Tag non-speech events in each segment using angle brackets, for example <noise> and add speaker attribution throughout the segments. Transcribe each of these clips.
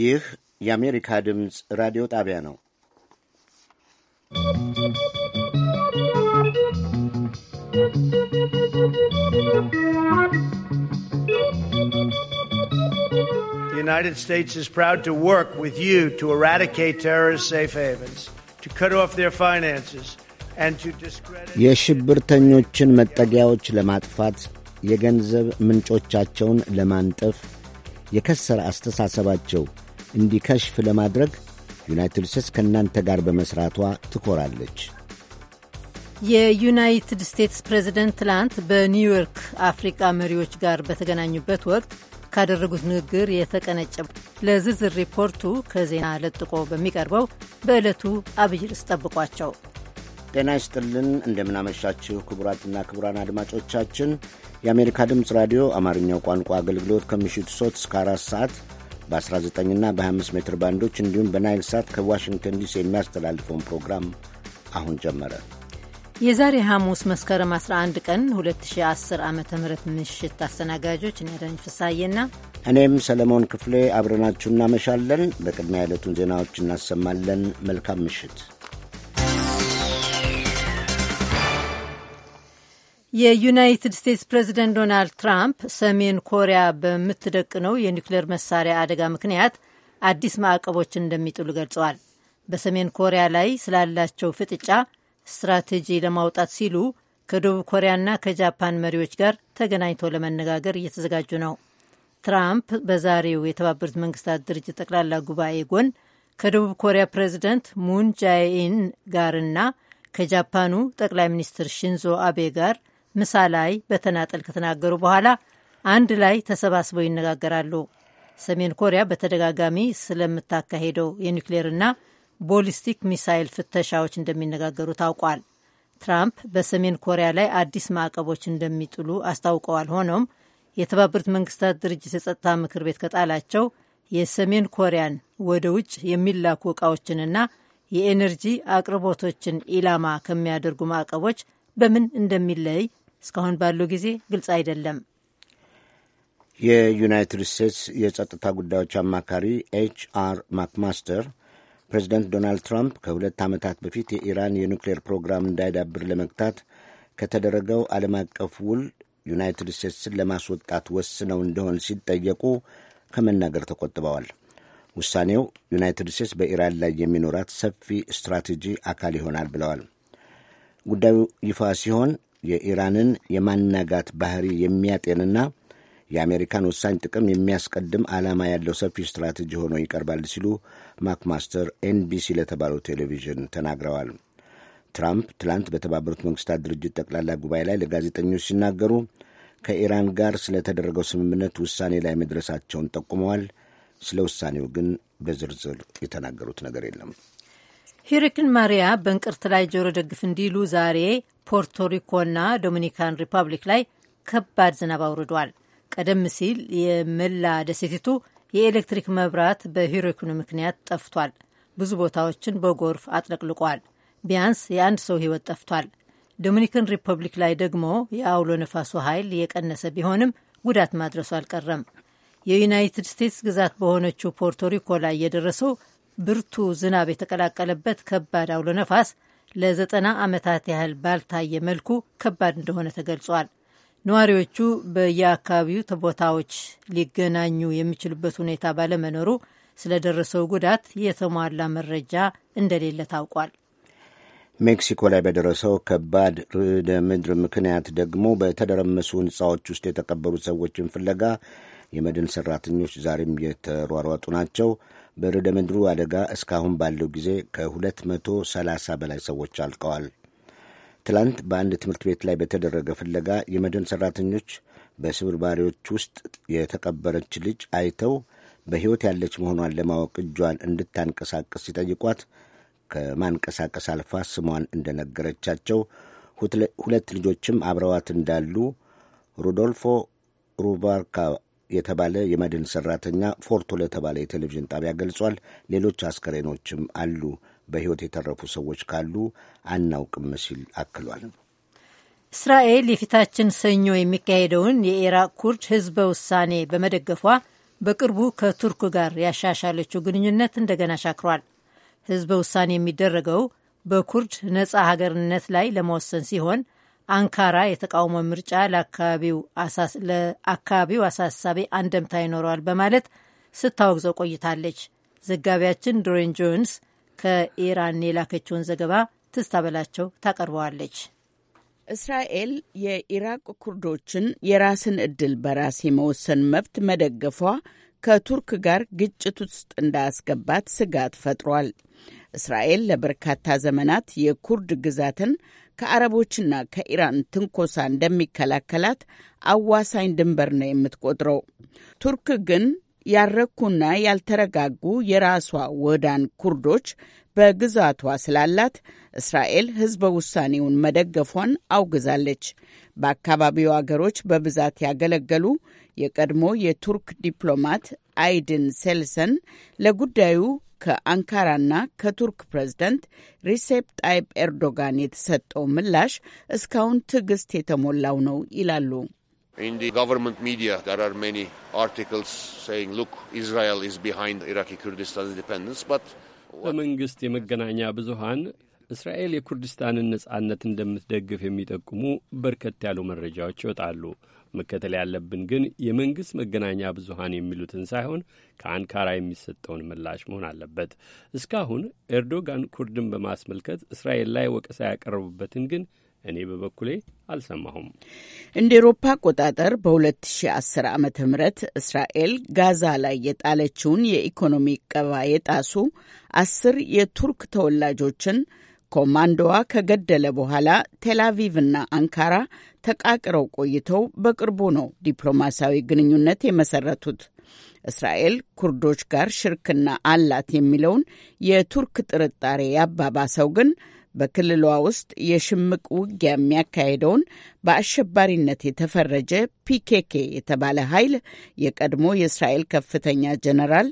Speaker 1: ይህ የአሜሪካ ድምፅ ራዲዮ ጣቢያ ነው።
Speaker 2: The United States is proud to work with you to eradicate terrorist safe havens, to cut off their finances, and to discredit...
Speaker 1: የሽብርተኞችን መጠጊያዎች ለማጥፋት የገንዘብ ምንጮቻቸውን ለማንጠፍ የከሰረ አስተሳሰባቸው እንዲከሽፍ ለማድረግ ዩናይትድ ስቴትስ ከእናንተ ጋር በመስራቷ ትኮራለች።
Speaker 3: የዩናይትድ ስቴትስ ፕሬዝደንት ትላንት በኒውዮርክ አፍሪቃ መሪዎች ጋር በተገናኙበት ወቅት ካደረጉት ንግግር የተቀነጨበ ለዝርዝር ሪፖርቱ ከዜና ለጥቆ በሚቀርበው በዕለቱ አብይ ርዕስ ጠብቋቸው።
Speaker 1: ጤና ይስጥልን፣ እንደምናመሻችሁ ክቡራትና ክቡራን አድማጮቻችን የአሜሪካ ድምፅ ራዲዮ አማርኛው ቋንቋ አገልግሎት ከምሽቱ ሶስት እስከ አራት ሰዓት በ 19 እና በ25 ሜትር ባንዶች እንዲሁም በናይል ሳት ከዋሽንግተን ዲሲ የሚያስተላልፈውን ፕሮግራም አሁን ጀመረ።
Speaker 3: የዛሬ ሐሙስ መስከረም 11 ቀን 2010 ዓ ም ምሽት አስተናጋጆች እኔ አዳነች
Speaker 1: እኔም ሰለሞን ክፍሌ አብረናችሁ እናመሻለን። በቅድሚያ ዕለቱን ዜናዎች እናሰማለን። መልካም ምሽት።
Speaker 3: የዩናይትድ ስቴትስ ፕሬዚደንት ዶናልድ ትራምፕ ሰሜን ኮሪያ በምትደቅነው የኒውክሌር መሳሪያ አደጋ ምክንያት አዲስ ማዕቀቦችን እንደሚጥሉ ገልጸዋል። በሰሜን ኮሪያ ላይ ስላላቸው ፍጥጫ ስትራቴጂ ለማውጣት ሲሉ ከደቡብ ኮሪያና ከጃፓን መሪዎች ጋር ተገናኝቶ ለመነጋገር እየተዘጋጁ ነው። ትራምፕ በዛሬው የተባበሩት መንግስታት ድርጅት ጠቅላላ ጉባኤ ጎን ከደቡብ ኮሪያ ፕሬዚደንት ሙን ጃይኢን ጋርና ከጃፓኑ ጠቅላይ ሚኒስትር ሽንዞ አቤ ጋር ምሳ ላይ በተናጠል ከተናገሩ በኋላ አንድ ላይ ተሰባስበው ይነጋገራሉ። ሰሜን ኮሪያ በተደጋጋሚ ስለምታካሄደው የኒውክሌርና ቦሊስቲክ ሚሳይል ፍተሻዎች እንደሚነጋገሩ ታውቋል። ትራምፕ በሰሜን ኮሪያ ላይ አዲስ ማዕቀቦች እንደሚጥሉ አስታውቀዋል። ሆኖም የተባበሩት መንግስታት ድርጅት የጸጥታ ምክር ቤት ከጣላቸው የሰሜን ኮሪያን ወደ ውጭ የሚላኩ እቃዎችንና የኤነርጂ አቅርቦቶችን ኢላማ ከሚያደርጉ ማዕቀቦች በምን እንደሚለይ እስካሁን ባለው ጊዜ ግልጽ አይደለም።
Speaker 1: የዩናይትድ ስቴትስ የጸጥታ ጉዳዮች አማካሪ ኤች አር ማክማስተር ፕሬዚደንት ዶናልድ ትራምፕ ከሁለት ዓመታት በፊት የኢራን የኑክሌር ፕሮግራም እንዳይዳብር ለመግታት ከተደረገው ዓለም አቀፍ ውል ዩናይትድ ስቴትስን ለማስወጣት ወስነው እንደሆን ሲጠየቁ ከመናገር ተቆጥበዋል። ውሳኔው ዩናይትድ ስቴትስ በኢራን ላይ የሚኖራት ሰፊ ስትራቴጂ አካል ይሆናል ብለዋል። ጉዳዩ ይፋ ሲሆን የኢራንን የማናጋት ባህሪ የሚያጤንና የአሜሪካን ወሳኝ ጥቅም የሚያስቀድም ዓላማ ያለው ሰፊ ስትራቴጂ ሆኖ ይቀርባል ሲሉ ማክማስተር ኤንቢሲ ለተባለው ቴሌቪዥን ተናግረዋል። ትራምፕ ትላንት በተባበሩት መንግስታት ድርጅት ጠቅላላ ጉባኤ ላይ ለጋዜጠኞች ሲናገሩ ከኢራን ጋር ስለተደረገው ስምምነት ውሳኔ ላይ መድረሳቸውን ጠቁመዋል። ስለ ውሳኔው ግን በዝርዝር የተናገሩት ነገር የለም።
Speaker 3: ሂሪክን ማሪያ በእንቅርት ላይ ጆሮ ደግፍ እንዲሉ ዛሬ ፖርቶሪኮና ዶሚኒካን ሪፐብሊክ ላይ ከባድ ዝናብ አውርዷል። ቀደም ሲል የመላ ደሴቲቱ የኤሌክትሪክ መብራት በሂሪክኑ ምክንያት ጠፍቷል። ብዙ ቦታዎችን በጎርፍ አጥለቅልቋል። ቢያንስ የአንድ ሰው ሕይወት ጠፍቷል። ዶሚኒካን ሪፐብሊክ ላይ ደግሞ የአውሎ ነፋሱ ኃይል የቀነሰ ቢሆንም ጉዳት ማድረሱ አልቀረም። የዩናይትድ ስቴትስ ግዛት በሆነችው ፖርቶሪኮ ላይ የደረሰው ብርቱ ዝናብ የተቀላቀለበት ከባድ አውሎ ነፋስ ለዘጠና ዓመታት ያህል ባልታየ መልኩ ከባድ እንደሆነ ተገልጿል። ነዋሪዎቹ በየአካባቢው ቦታዎች ሊገናኙ የሚችሉበት ሁኔታ ባለመኖሩ ስለደረሰው ጉዳት የተሟላ መረጃ እንደሌለ ታውቋል።
Speaker 1: ሜክሲኮ ላይ በደረሰው ከባድ ርዕደ ምድር ምክንያት ደግሞ በተደረመሱ ሕንፃዎች ውስጥ የተቀበሩ ሰዎችን ፍለጋ የመድን ሠራተኞች ዛሬም የተሯሯጡ ናቸው። በርዕደ ምድሩ አደጋ እስካሁን ባለው ጊዜ ከ230 በላይ ሰዎች አልቀዋል። ትላንት በአንድ ትምህርት ቤት ላይ በተደረገ ፍለጋ የመድን ሠራተኞች በስብርባሪዎች ውስጥ የተቀበረች ልጅ አይተው በሕይወት ያለች መሆኗን ለማወቅ እጇን እንድታንቀሳቀስ ሲጠይቋት ከማንቀሳቀስ አልፋ ስሟን እንደነገረቻቸው ሁለት ልጆችም አብረዋት እንዳሉ ሮዶልፎ ሩቫርካ የተባለ የመድን ሰራተኛ ፎርቶ ለተባለ የቴሌቪዥን ጣቢያ ገልጿል። ሌሎች አስከሬኖችም አሉ። በሕይወት የተረፉ ሰዎች ካሉ አናውቅም ሲል አክሏል።
Speaker 3: እስራኤል የፊታችን ሰኞ የሚካሄደውን የኢራቅ ኩርድ ህዝበ ውሳኔ በመደገፏ በቅርቡ ከቱርክ ጋር ያሻሻለችው ግንኙነት እንደገና ሻክሯል። ህዝበ ውሳኔ የሚደረገው በኩርድ ነጻ ሀገርነት ላይ ለመወሰን ሲሆን አንካራ የተቃውሞ ምርጫ ለአካባቢው አሳሳቢ አንደምታ ይኖረዋል በማለት ስታወግዘው ቆይታለች። ዘጋቢያችን ዶሬን ጆንስ ከኢራን
Speaker 4: የላከችውን ዘገባ ትስታበላቸው በላቸው ታቀርበዋለች። እስራኤል የኢራቅ ኩርዶችን የራስን እድል በራስ የመወሰን መብት መደገፏ ከቱርክ ጋር ግጭት ውስጥ እንዳያስገባት ስጋት ፈጥሯል። እስራኤል ለበርካታ ዘመናት የኩርድ ግዛትን ከአረቦችና ከኢራን ትንኮሳ እንደሚከላከላት አዋሳኝ ድንበር ነው የምትቆጥረው። ቱርክ ግን ያረኩና ያልተረጋጉ የራሷ ወዳን ኩርዶች በግዛቷ ስላላት እስራኤል ህዝበ ውሳኔውን መደገፏን አውግዛለች። በአካባቢው አገሮች በብዛት ያገለገሉ የቀድሞ የቱርክ ዲፕሎማት አይድን ሴልሰን ለጉዳዩ ከአንካራና ከቱርክ ፕሬዝደንት ሪሴፕ ጣይብ ኤርዶጋን የተሰጠው ምላሽ እስካሁን ትዕግስት የተሞላው ነው ይላሉ።
Speaker 5: በመንግስት የመገናኛ ብዙሃን እስራኤል የኩርዲስታንን ነጻነት እንደምትደግፍ የሚጠቁሙ በርከት ያሉ መረጃዎች ይወጣሉ። መከተል ያለብን ግን የመንግስት መገናኛ ብዙሀን የሚሉትን ሳይሆን ከአንካራ የሚሰጠውን ምላሽ መሆን አለበት። እስካሁን ኤርዶጋን ኩርድን በማስመልከት እስራኤል ላይ ወቀሳ ያቀረቡበትን ግን እኔ በበኩሌ አልሰማሁም።
Speaker 4: እንደ ኤሮፓ አቆጣጠር በ2010 ዓ ም እስራኤል ጋዛ ላይ የጣለችውን የኢኮኖሚ ቀባ የጣሱ አስር የቱርክ ተወላጆችን ኮማንዶዋ ከገደለ በኋላ ቴላቪቭና አንካራ ተቃቅረው ቆይተው በቅርቡ ነው ዲፕሎማሲያዊ ግንኙነት የመሰረቱት። እስራኤል ኩርዶች ጋር ሽርክና አላት የሚለውን የቱርክ ጥርጣሬ ያባባሰው ግን በክልሏ ውስጥ የሽምቅ ውጊያ የሚያካሄደውን በአሸባሪነት የተፈረጀ ፒኬኬ የተባለ ኃይል የቀድሞ የእስራኤል ከፍተኛ ጀነራል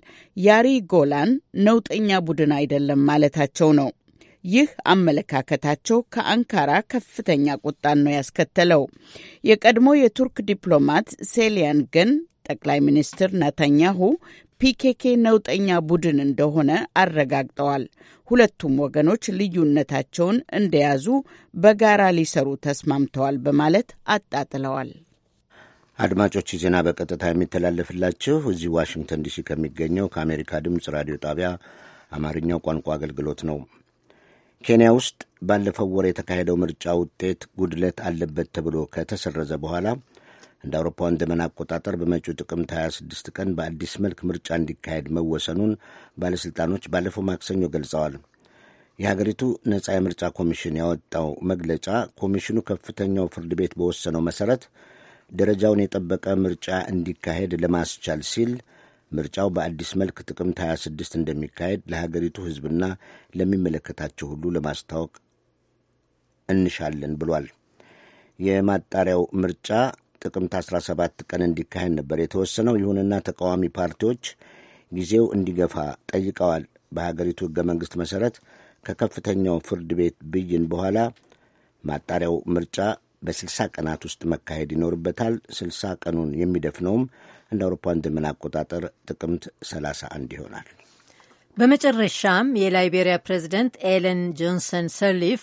Speaker 4: ያሪ ጎላን ነውጠኛ ቡድን አይደለም ማለታቸው ነው። ይህ አመለካከታቸው ከአንካራ ከፍተኛ ቁጣን ነው ያስከተለው። የቀድሞ የቱርክ ዲፕሎማት ሴሊያን ግን ጠቅላይ ሚኒስትር ናታኛሁ ፒኬኬ ነውጠኛ ቡድን እንደሆነ አረጋግጠዋል። ሁለቱም ወገኖች ልዩነታቸውን እንደያዙ በጋራ ሊሰሩ ተስማምተዋል በማለት አጣጥለዋል።
Speaker 1: አድማጮች ዜና በቀጥታ የሚተላለፍላችሁ እዚህ ዋሽንግተን ዲሲ ከሚገኘው ከአሜሪካ ድምፅ ራዲዮ ጣቢያ አማርኛው ቋንቋ አገልግሎት ነው። ኬንያ ውስጥ ባለፈው ወር የተካሄደው ምርጫ ውጤት ጉድለት አለበት ተብሎ ከተሰረዘ በኋላ እንደ አውሮፓውያን ዘመን አቆጣጠር በመጪው ጥቅምት 26 ቀን በአዲስ መልክ ምርጫ እንዲካሄድ መወሰኑን ባለሥልጣኖች ባለፈው ማክሰኞ ገልጸዋል። የሀገሪቱ ነጻ የምርጫ ኮሚሽን ያወጣው መግለጫ ኮሚሽኑ ከፍተኛው ፍርድ ቤት በወሰነው መሠረት ደረጃውን የጠበቀ ምርጫ እንዲካሄድ ለማስቻል ሲል ምርጫው በአዲስ መልክ ጥቅምት 26 እንደሚካሄድ ለሀገሪቱ ሕዝብና ለሚመለከታቸው ሁሉ ለማስታወቅ እንሻለን ብሏል። የማጣሪያው ምርጫ ጥቅምት 17 ቀን እንዲካሄድ ነበር የተወሰነው። ይሁንና ተቃዋሚ ፓርቲዎች ጊዜው እንዲገፋ ጠይቀዋል። በሀገሪቱ ሕገ መንግሥት መሠረት ከከፍተኛው ፍርድ ቤት ብይን በኋላ ማጣሪያው ምርጫ በ60 ቀናት ውስጥ መካሄድ ይኖርበታል። 60 ቀኑን የሚደፍነውም እንደ አውሮፓን ዘመን አቆጣጠር ጥቅምት 31 ይሆናል።
Speaker 3: በመጨረሻም የላይቤሪያ ፕሬዚደንት ኤለን ጆንሰን ሰርሊፍ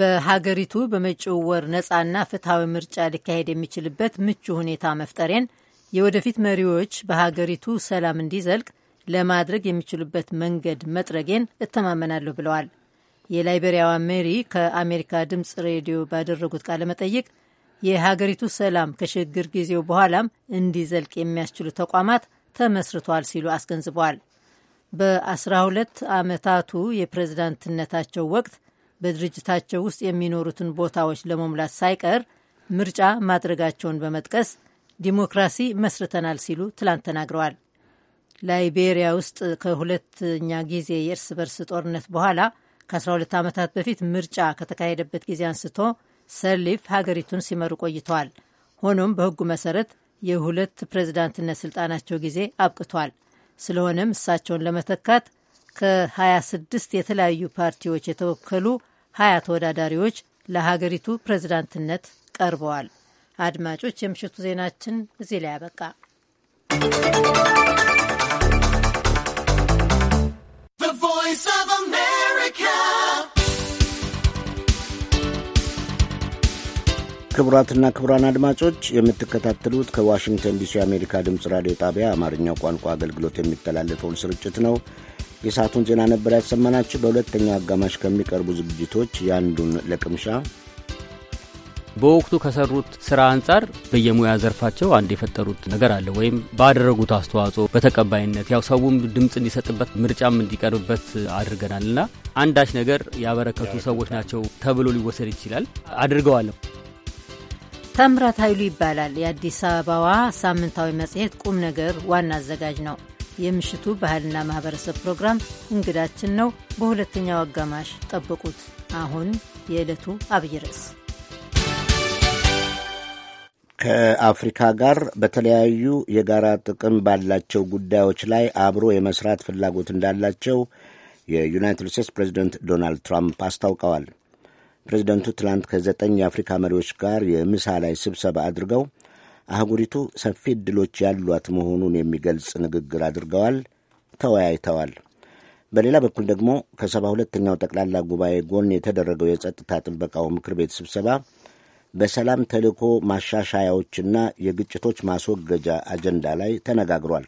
Speaker 3: በሀገሪቱ በመጪው ወር ነፃና ፍትሐዊ ምርጫ ሊካሄድ የሚችልበት ምቹ ሁኔታ መፍጠሬን የወደፊት መሪዎች በሀገሪቱ ሰላም እንዲዘልቅ ለማድረግ የሚችሉበት መንገድ መጥረጌን እተማመናለሁ ብለዋል። የላይቤሪያዋ መሪ ከአሜሪካ ድምፅ ሬዲዮ ባደረጉት ቃለ መጠይቅ የሀገሪቱ ሰላም ከሽግግር ጊዜው በኋላም እንዲዘልቅ የሚያስችሉ ተቋማት ተመስርቷል ሲሉ አስገንዝበዋል። በ12 ዓመታቱ የፕሬዝዳንትነታቸው ወቅት በድርጅታቸው ውስጥ የሚኖሩትን ቦታዎች ለመሙላት ሳይቀር ምርጫ ማድረጋቸውን በመጥቀስ ዲሞክራሲ መስርተናል ሲሉ ትላንት ተናግረዋል። ላይቤሪያ ውስጥ ከሁለተኛ ጊዜ የእርስ በርስ ጦርነት በኋላ ከ12 ዓመታት በፊት ምርጫ ከተካሄደበት ጊዜ አንስቶ ሰርሊፍ ሀገሪቱን ሲመሩ ቆይተዋል። ሆኖም በህጉ መሰረት የሁለት ፕሬዝዳንትነት ስልጣናቸው ጊዜ አብቅቷል። ስለሆነም እሳቸውን ለመተካት ከ26 የተለያዩ ፓርቲዎች የተወከሉ ሀያ ተወዳዳሪዎች ለሀገሪቱ ፕሬዝዳንትነት ቀርበዋል። አድማጮች፣ የምሽቱ ዜናችን እዚህ ላይ you.
Speaker 1: ክቡራትና ክቡራን አድማጮች የምትከታተሉት ከዋሽንግተን ዲሲ የአሜሪካ ድምፅ ራዲዮ ጣቢያ አማርኛው ቋንቋ አገልግሎት የሚተላለፈውን ስርጭት ነው። የሰዓቱን ዜና ነበር ያሰማናችሁ። በሁለተኛው አጋማሽ ከሚቀርቡ ዝግጅቶች የአንዱን ለቅምሻ
Speaker 6: በወቅቱ ከሰሩት ስራ አንጻር በየሙያ ዘርፋቸው አንድ የፈጠሩት ነገር አለ ወይም ባደረጉት አስተዋጽኦ በተቀባይነት ያው ሰውም ድምፅ እንዲሰጥበት ምርጫም እንዲቀርብበት አድርገናል እና አንዳች ነገር ያበረከቱ ሰዎች ናቸው ተብሎ ሊወሰድ ይችላል። አድርገዋለሁ
Speaker 3: ተምራት ኃይሉ ይባላል። የአዲስ አበባዋ ሳምንታዊ መጽሔት ቁም ነገር ዋና አዘጋጅ ነው። የምሽቱ ባህልና ማህበረሰብ ፕሮግራም እንግዳችን ነው። በሁለተኛው አጋማሽ ጠብቁት። አሁን የዕለቱ አብይ ርዕስ
Speaker 1: ከአፍሪካ ጋር በተለያዩ የጋራ ጥቅም ባላቸው ጉዳዮች ላይ አብሮ የመስራት ፍላጎት እንዳላቸው የዩናይትድ ስቴትስ ፕሬዚደንት ዶናልድ ትራምፕ አስታውቀዋል። ፕሬዚደንቱ ትላንት ከዘጠኝ የአፍሪካ መሪዎች ጋር የምሳ ላይ ስብሰባ አድርገው አህጉሪቱ ሰፊ ዕድሎች ያሏት መሆኑን የሚገልጽ ንግግር አድርገዋል፣ ተወያይተዋል። በሌላ በኩል ደግሞ ከሰባ ሁለተኛው ጠቅላላ ጉባኤ ጎን የተደረገው የጸጥታ ጥበቃው ምክር ቤት ስብሰባ በሰላም ተልእኮ ማሻሻያዎችና የግጭቶች ማስወገጃ አጀንዳ ላይ ተነጋግሯል።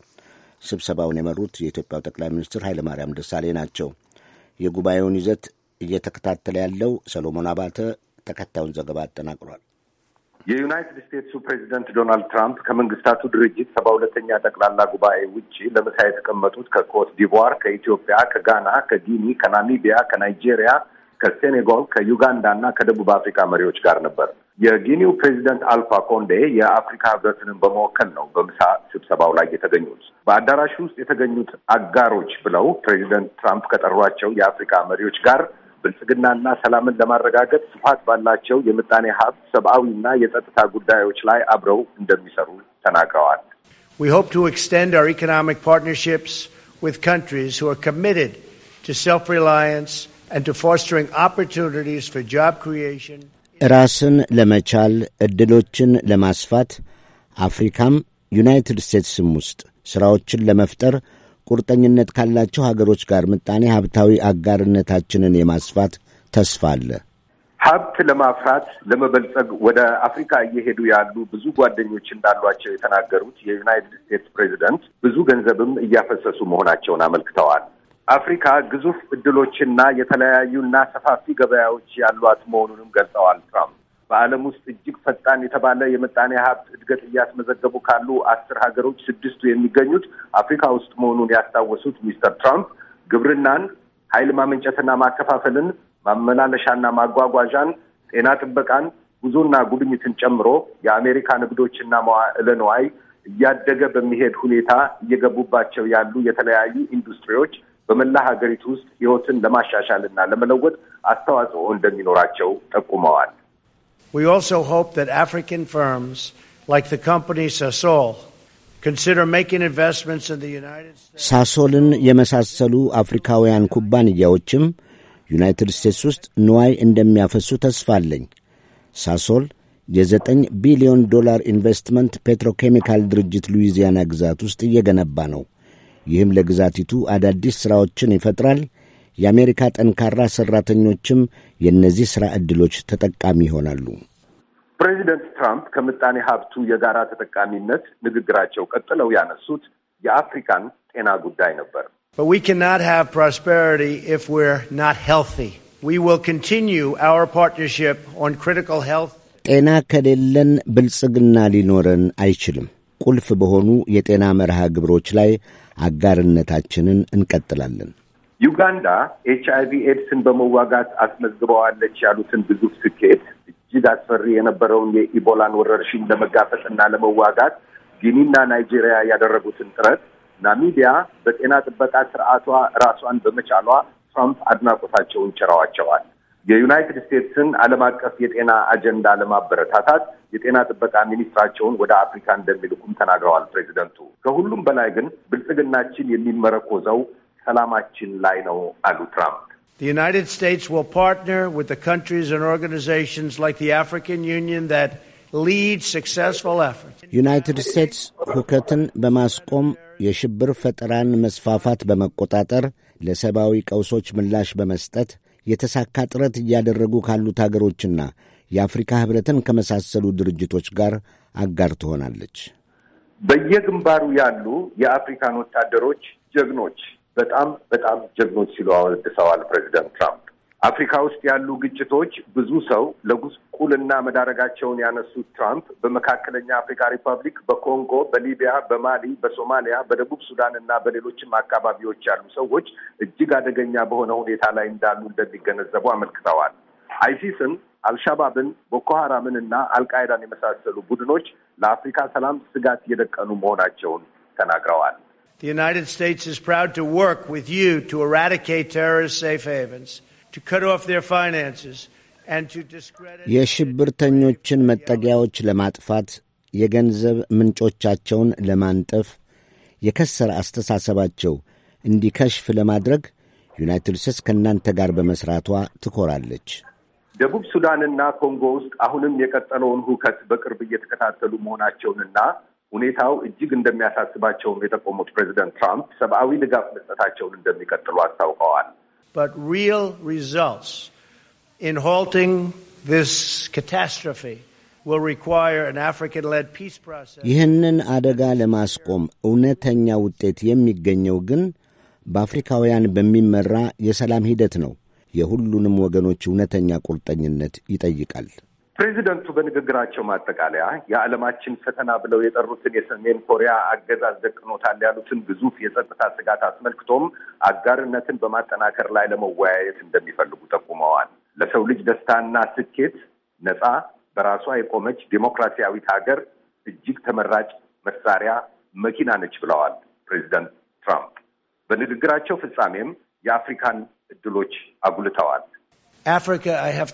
Speaker 1: ስብሰባውን የመሩት የኢትዮጵያው ጠቅላይ ሚኒስትር ኃይለማርያም ደሳሌ ናቸው። የጉባኤውን ይዘት እየተከታተለ ያለው ሰሎሞን አባተ ተከታዩን ዘገባ አጠናቅሯል።
Speaker 7: የዩናይትድ ስቴትሱ ፕሬዚደንት ዶናልድ ትራምፕ ከመንግስታቱ ድርጅት ሰባ ሁለተኛ ጠቅላላ ጉባኤ ውጭ ለምሳ የተቀመጡት ከኮት ዲቯር፣ ከኢትዮጵያ፣ ከጋና፣ ከጊኒ፣ ከናሚቢያ፣ ከናይጄሪያ፣ ከሴኔጋል፣ ከዩጋንዳ እና ከደቡብ አፍሪካ መሪዎች ጋር ነበር። የጊኒው ፕሬዚደንት አልፋ ኮንዴ የአፍሪካ ህብረትንም በመወከል ነው በምሳ ስብሰባው ላይ የተገኙት። በአዳራሹ ውስጥ የተገኙት አጋሮች ብለው ፕሬዚደንት ትራምፕ ከጠሯቸው የአፍሪካ መሪዎች ጋር ብልጽግናና ሰላምን ለማረጋገጥ ስፋት ባላቸው የምጣኔ ሀብት ሰብአዊና የጸጥታ ጉዳዮች ላይ አብረው እንደሚሰሩ ተናግረዋል።
Speaker 2: We hope to extend our economic partnerships with countries who are committed to self-reliance and to fostering opportunities for job creation.
Speaker 1: ራስን ለመቻል ዕድሎችን ለማስፋት አፍሪካም ዩናይትድ ስቴትስም ውስጥ ሥራዎችን ለመፍጠር ቁርጠኝነት ካላቸው ሀገሮች ጋር ምጣኔ ሀብታዊ አጋርነታችንን የማስፋት ተስፋ አለ።
Speaker 7: ሀብት ለማፍራት ለመበልጸግ ወደ አፍሪካ እየሄዱ ያሉ ብዙ ጓደኞች እንዳሏቸው የተናገሩት የዩናይትድ ስቴትስ ፕሬዚደንት ብዙ ገንዘብም እያፈሰሱ መሆናቸውን አመልክተዋል። አፍሪካ ግዙፍ እድሎችና የተለያዩና ሰፋፊ ገበያዎች ያሏት መሆኑንም ገልጸዋል ትራምፕ በዓለም ውስጥ እጅግ ፈጣን የተባለ የምጣኔ ሀብት እድገት እያስመዘገቡ ካሉ አስር ሀገሮች ስድስቱ የሚገኙት አፍሪካ ውስጥ መሆኑን ያስታወሱት ሚስተር ትራምፕ ግብርናን፣ ኃይል ማመንጨትና ማከፋፈልን፣ ማመላለሻና ማጓጓዣን፣ ጤና ጥበቃን፣ ጉዞና ጉብኝትን ጨምሮ የአሜሪካ ንግዶችና መዋዕለ እያደገ በሚሄድ ሁኔታ እየገቡባቸው ያሉ የተለያዩ ኢንዱስትሪዎች በመላ ሀገሪቱ ውስጥ ህይወትን ለማሻሻል ለመለወጥ አስተዋጽኦ እንደሚኖራቸው ጠቁመዋል።
Speaker 2: We also hope that African firms like the company Sasol consider making investments in the United
Speaker 1: States. ሳሶልን የመሳሰሉ አፍሪካውያን ኩባንያዎችም ዩናይትድ ስቴትስ ውስጥ ንዋይ እንደሚያፈሱ ተስፋ አለኝ። ሳሶል የዘጠኝ ቢሊዮን ዶላር ኢንቨስትመንት ፔትሮኬሚካል ድርጅት ሉዊዚያና ግዛት ውስጥ እየገነባ ነው። ይህም ለግዛቲቱ አዳዲስ ሥራዎችን ይፈጥራል። የአሜሪካ ጠንካራ ሠራተኞችም የእነዚህ ሥራ ዕድሎች ተጠቃሚ ይሆናሉ።
Speaker 7: ፕሬዚደንት ትራምፕ ከምጣኔ ሀብቱ የጋራ ተጠቃሚነት ንግግራቸው ቀጥለው ያነሱት የአፍሪካን ጤና ጉዳይ ነበር። ጤና ከሌለን
Speaker 1: ብልጽግና ሊኖረን አይችልም። ቁልፍ በሆኑ የጤና መርሃ ግብሮች ላይ አጋርነታችንን እንቀጥላለን።
Speaker 7: ዩጋንዳ ኤች አይቪ ኤድስን በመዋጋት አስመዝግበዋለች ያሉትን ግዙፍ ስኬት እጅግ አስፈሪ የነበረውን የኢቦላን ወረርሽኝ ለመጋፈጥና ለመዋጋት ጊኒና ናይጄሪያ ያደረጉትን ጥረት ናሚቢያ በጤና ጥበቃ ስርዓቷ ራሷን በመቻሏ ትራምፕ አድናቆታቸውን ጭረዋቸዋል። የዩናይትድ ስቴትስን ዓለም አቀፍ የጤና አጀንዳ ለማበረታታት የጤና ጥበቃ ሚኒስትራቸውን ወደ አፍሪካ እንደሚልኩም ተናግረዋል ፕሬዚደንቱ። ከሁሉም በላይ ግን ብልጽግናችን የሚመረኮዘው ሰላማችን ላይ ነው አሉ ትራምፕ።
Speaker 2: The United States will partner with the countries and organizations like the African Union that lead successful efforts.
Speaker 1: United States ሁከትን በማስቆም የሽብር ፈጠራን መስፋፋት በመቆጣጠር ለሰብአዊ ቀውሶች ምላሽ በመስጠት የተሳካ ጥረት እያደረጉ ካሉት አገሮችና የአፍሪካ ኅብረትን ከመሳሰሉ ድርጅቶች ጋር አጋር ትሆናለች።
Speaker 7: በየግንባሩ ያሉ የአፍሪካን ወታደሮች ጀግኖች በጣም በጣም ጀግኖች ሲሉ አወድሰዋል ፕሬዚደንት ትራምፕ። አፍሪካ ውስጥ ያሉ ግጭቶች ብዙ ሰው ለጉስቁልና መዳረጋቸውን ያነሱት ትራምፕ በመካከለኛ አፍሪካ ሪፐብሊክ፣ በኮንጎ፣ በሊቢያ፣ በማሊ፣ በሶማሊያ፣ በደቡብ ሱዳን እና በሌሎችም አካባቢዎች ያሉ ሰዎች እጅግ አደገኛ በሆነ ሁኔታ ላይ እንዳሉ እንደሚገነዘቡ አመልክተዋል። አይሲስን፣ አልሻባብን፣ ቦኮ እና አልቃይዳን የመሳሰሉ ቡድኖች ለአፍሪካ ሰላም ስጋት እየደቀኑ መሆናቸውን ተናግረዋል።
Speaker 2: The United States is proud to work with you to eradicate terrorist safe havens, to cut off their finances, and to discredit...
Speaker 1: የሽብርተኞችን መጠጊያዎች ለማጥፋት የገንዘብ ምንጮቻቸውን ለማንጠፍ የከሰረ አስተሳሰባቸው እንዲከሽፍ ለማድረግ ዩናይትድ ስቴትስ ከእናንተ ጋር በመስራቷ ትኮራለች።
Speaker 7: ደቡብ ሱዳንና ኮንጎ ውስጥ አሁንም የቀጠለውን ሁከት በቅርብ እየተከታተሉ መሆናቸውንና ሁኔታው እጅግ እንደሚያሳስባቸውም የጠቆሙት ፕሬዚደንት ትራምፕ ሰብአዊ ድጋፍ መስጠታቸውን እንደሚቀጥሉ አስታውቀዋል።
Speaker 1: ይህንን አደጋ ለማስቆም እውነተኛ ውጤት የሚገኘው ግን በአፍሪካውያን በሚመራ የሰላም ሂደት ነው። የሁሉንም ወገኖች እውነተኛ ቁርጠኝነት ይጠይቃል።
Speaker 7: ፕሬዚደንቱ በንግግራቸው ማጠቃለያ የዓለማችን ፈተና ብለው የጠሩትን የሰሜን ኮሪያ አገዛዝ ደቅኖታል ያሉትን ግዙፍ የጸጥታ ስጋት አስመልክቶም አጋርነትን በማጠናከር ላይ ለመወያየት እንደሚፈልጉ ጠቁመዋል። ለሰው ልጅ ደስታና ስኬት ነፃ በራሷ የቆመች ዴሞክራሲያዊት ሀገር እጅግ ተመራጭ መሳሪያ መኪና ነች ብለዋል ፕሬዚደንት ትራምፕ። በንግግራቸው ፍጻሜም የአፍሪካን እድሎች አጉልተዋል።
Speaker 2: Africa, I have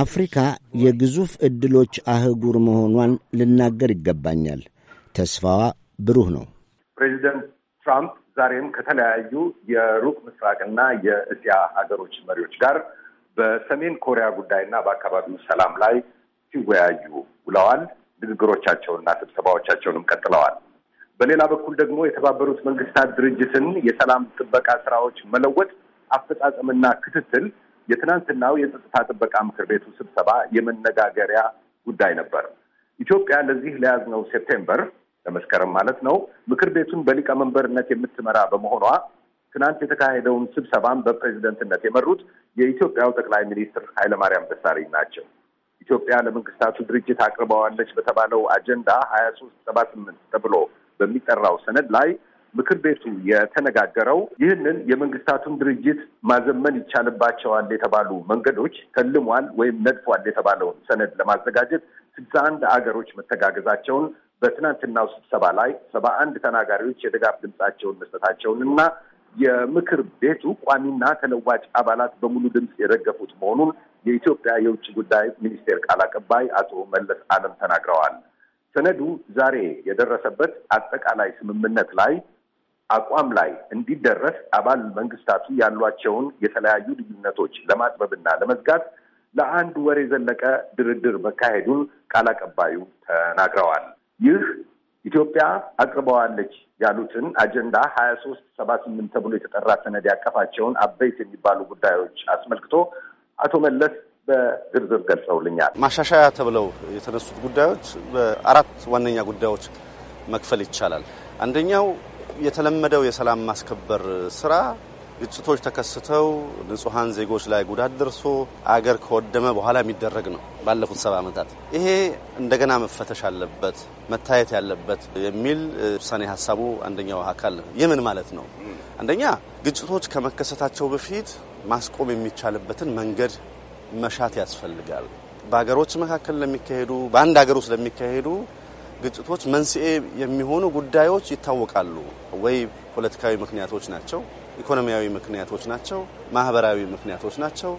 Speaker 1: አፍሪካ የግዙፍ ዕድሎች አህጉር መሆኗን ልናገር ይገባኛል። ተስፋዋ ብሩህ ነው።
Speaker 2: ፕሬዚደንት
Speaker 7: ትራምፕ ዛሬም ከተለያዩ የሩቅ ምስራቅና የእስያ ሀገሮች መሪዎች ጋር በሰሜን ኮሪያ ጉዳይና በአካባቢው ሰላም ላይ ሲወያዩ ውለዋል። ንግግሮቻቸውና ስብሰባዎቻቸውንም ቀጥለዋል። በሌላ በኩል ደግሞ የተባበሩት መንግስታት ድርጅትን የሰላም ጥበቃ ስራዎች መለወጥ፣ አፈጻጸምና ክትትል የትናንትናው የጸጥታ ጥበቃ ምክር ቤቱ ስብሰባ የመነጋገሪያ ጉዳይ ነበር። ኢትዮጵያ ለዚህ ለያዝነው ሴፕቴምበር ለመስከረም ማለት ነው ምክር ቤቱን በሊቀመንበርነት የምትመራ በመሆኗ ትናንት የተካሄደውን ስብሰባም በፕሬዚደንትነት የመሩት የኢትዮጵያው ጠቅላይ ሚኒስትር ኃይለማርያም ደሳለኝ ናቸው። ኢትዮጵያ ለመንግስታቱ ድርጅት አቅርበዋለች በተባለው አጀንዳ ሀያ ሶስት ሰባ ስምንት ተብሎ በሚጠራው ሰነድ ላይ ምክር ቤቱ የተነጋገረው ይህንን የመንግስታቱን ድርጅት ማዘመን ይቻልባቸዋል የተባሉ መንገዶች ተልሟል ወይም ነድፏል የተባለውን ሰነድ ለማዘጋጀት ስልሳ አንድ አገሮች መተጋገዛቸውን በትናንትናው ስብሰባ ላይ ሰባ አንድ ተናጋሪዎች የድጋፍ ድምፃቸውን መስጠታቸውን እና የምክር ቤቱ ቋሚና ተለዋጭ አባላት በሙሉ ድምፅ የደገፉት መሆኑን የኢትዮጵያ የውጭ ጉዳይ ሚኒስቴር ቃል አቀባይ አቶ መለስ አለም ተናግረዋል። ሰነዱ ዛሬ የደረሰበት አጠቃላይ ስምምነት ላይ አቋም ላይ እንዲደረስ አባል መንግስታቱ ያሏቸውን የተለያዩ ልዩነቶች ለማጥበብና ለመዝጋት ለአንድ ወር የዘለቀ ድርድር መካሄዱን ቃል አቀባዩ ተናግረዋል። ይህ ኢትዮጵያ አቅርበዋለች ያሉትን አጀንዳ ሀያ ሶስት ሰባ ስምንት ተብሎ የተጠራ ሰነድ ያቀፋቸውን አበይት የሚባሉ ጉዳዮች አስመልክቶ አቶ መለስ በዝርዝር ገልጸውልኛል።
Speaker 8: ማሻሻያ ተብለው የተነሱት ጉዳዮች በአራት ዋነኛ ጉዳዮች መክፈል ይቻላል። አንደኛው የተለመደው የሰላም ማስከበር ስራ ግጭቶች ተከስተው ንጹሐን ዜጎች ላይ ጉዳት ደርሶ አገር ከወደመ በኋላ የሚደረግ ነው። ባለፉት ሰባ ዓመታት ይሄ እንደገና መፈተሽ አለበት መታየት ያለበት የሚል ውሳኔ ሀሳቡ አንደኛው አካል ነው። ይህ ምን ማለት ነው? አንደኛ ግጭቶች ከመከሰታቸው በፊት ማስቆም የሚቻልበትን መንገድ መሻት ያስፈልጋል። በሀገሮች መካከል ለሚካሄዱ በአንድ ሀገር ውስጥ ለሚካሄዱ ግጭቶች መንስኤ የሚሆኑ ጉዳዮች ይታወቃሉ። ወይ ፖለቲካዊ ምክንያቶች ናቸው፣ ኢኮኖሚያዊ ምክንያቶች ናቸው፣ ማህበራዊ ምክንያቶች ናቸው።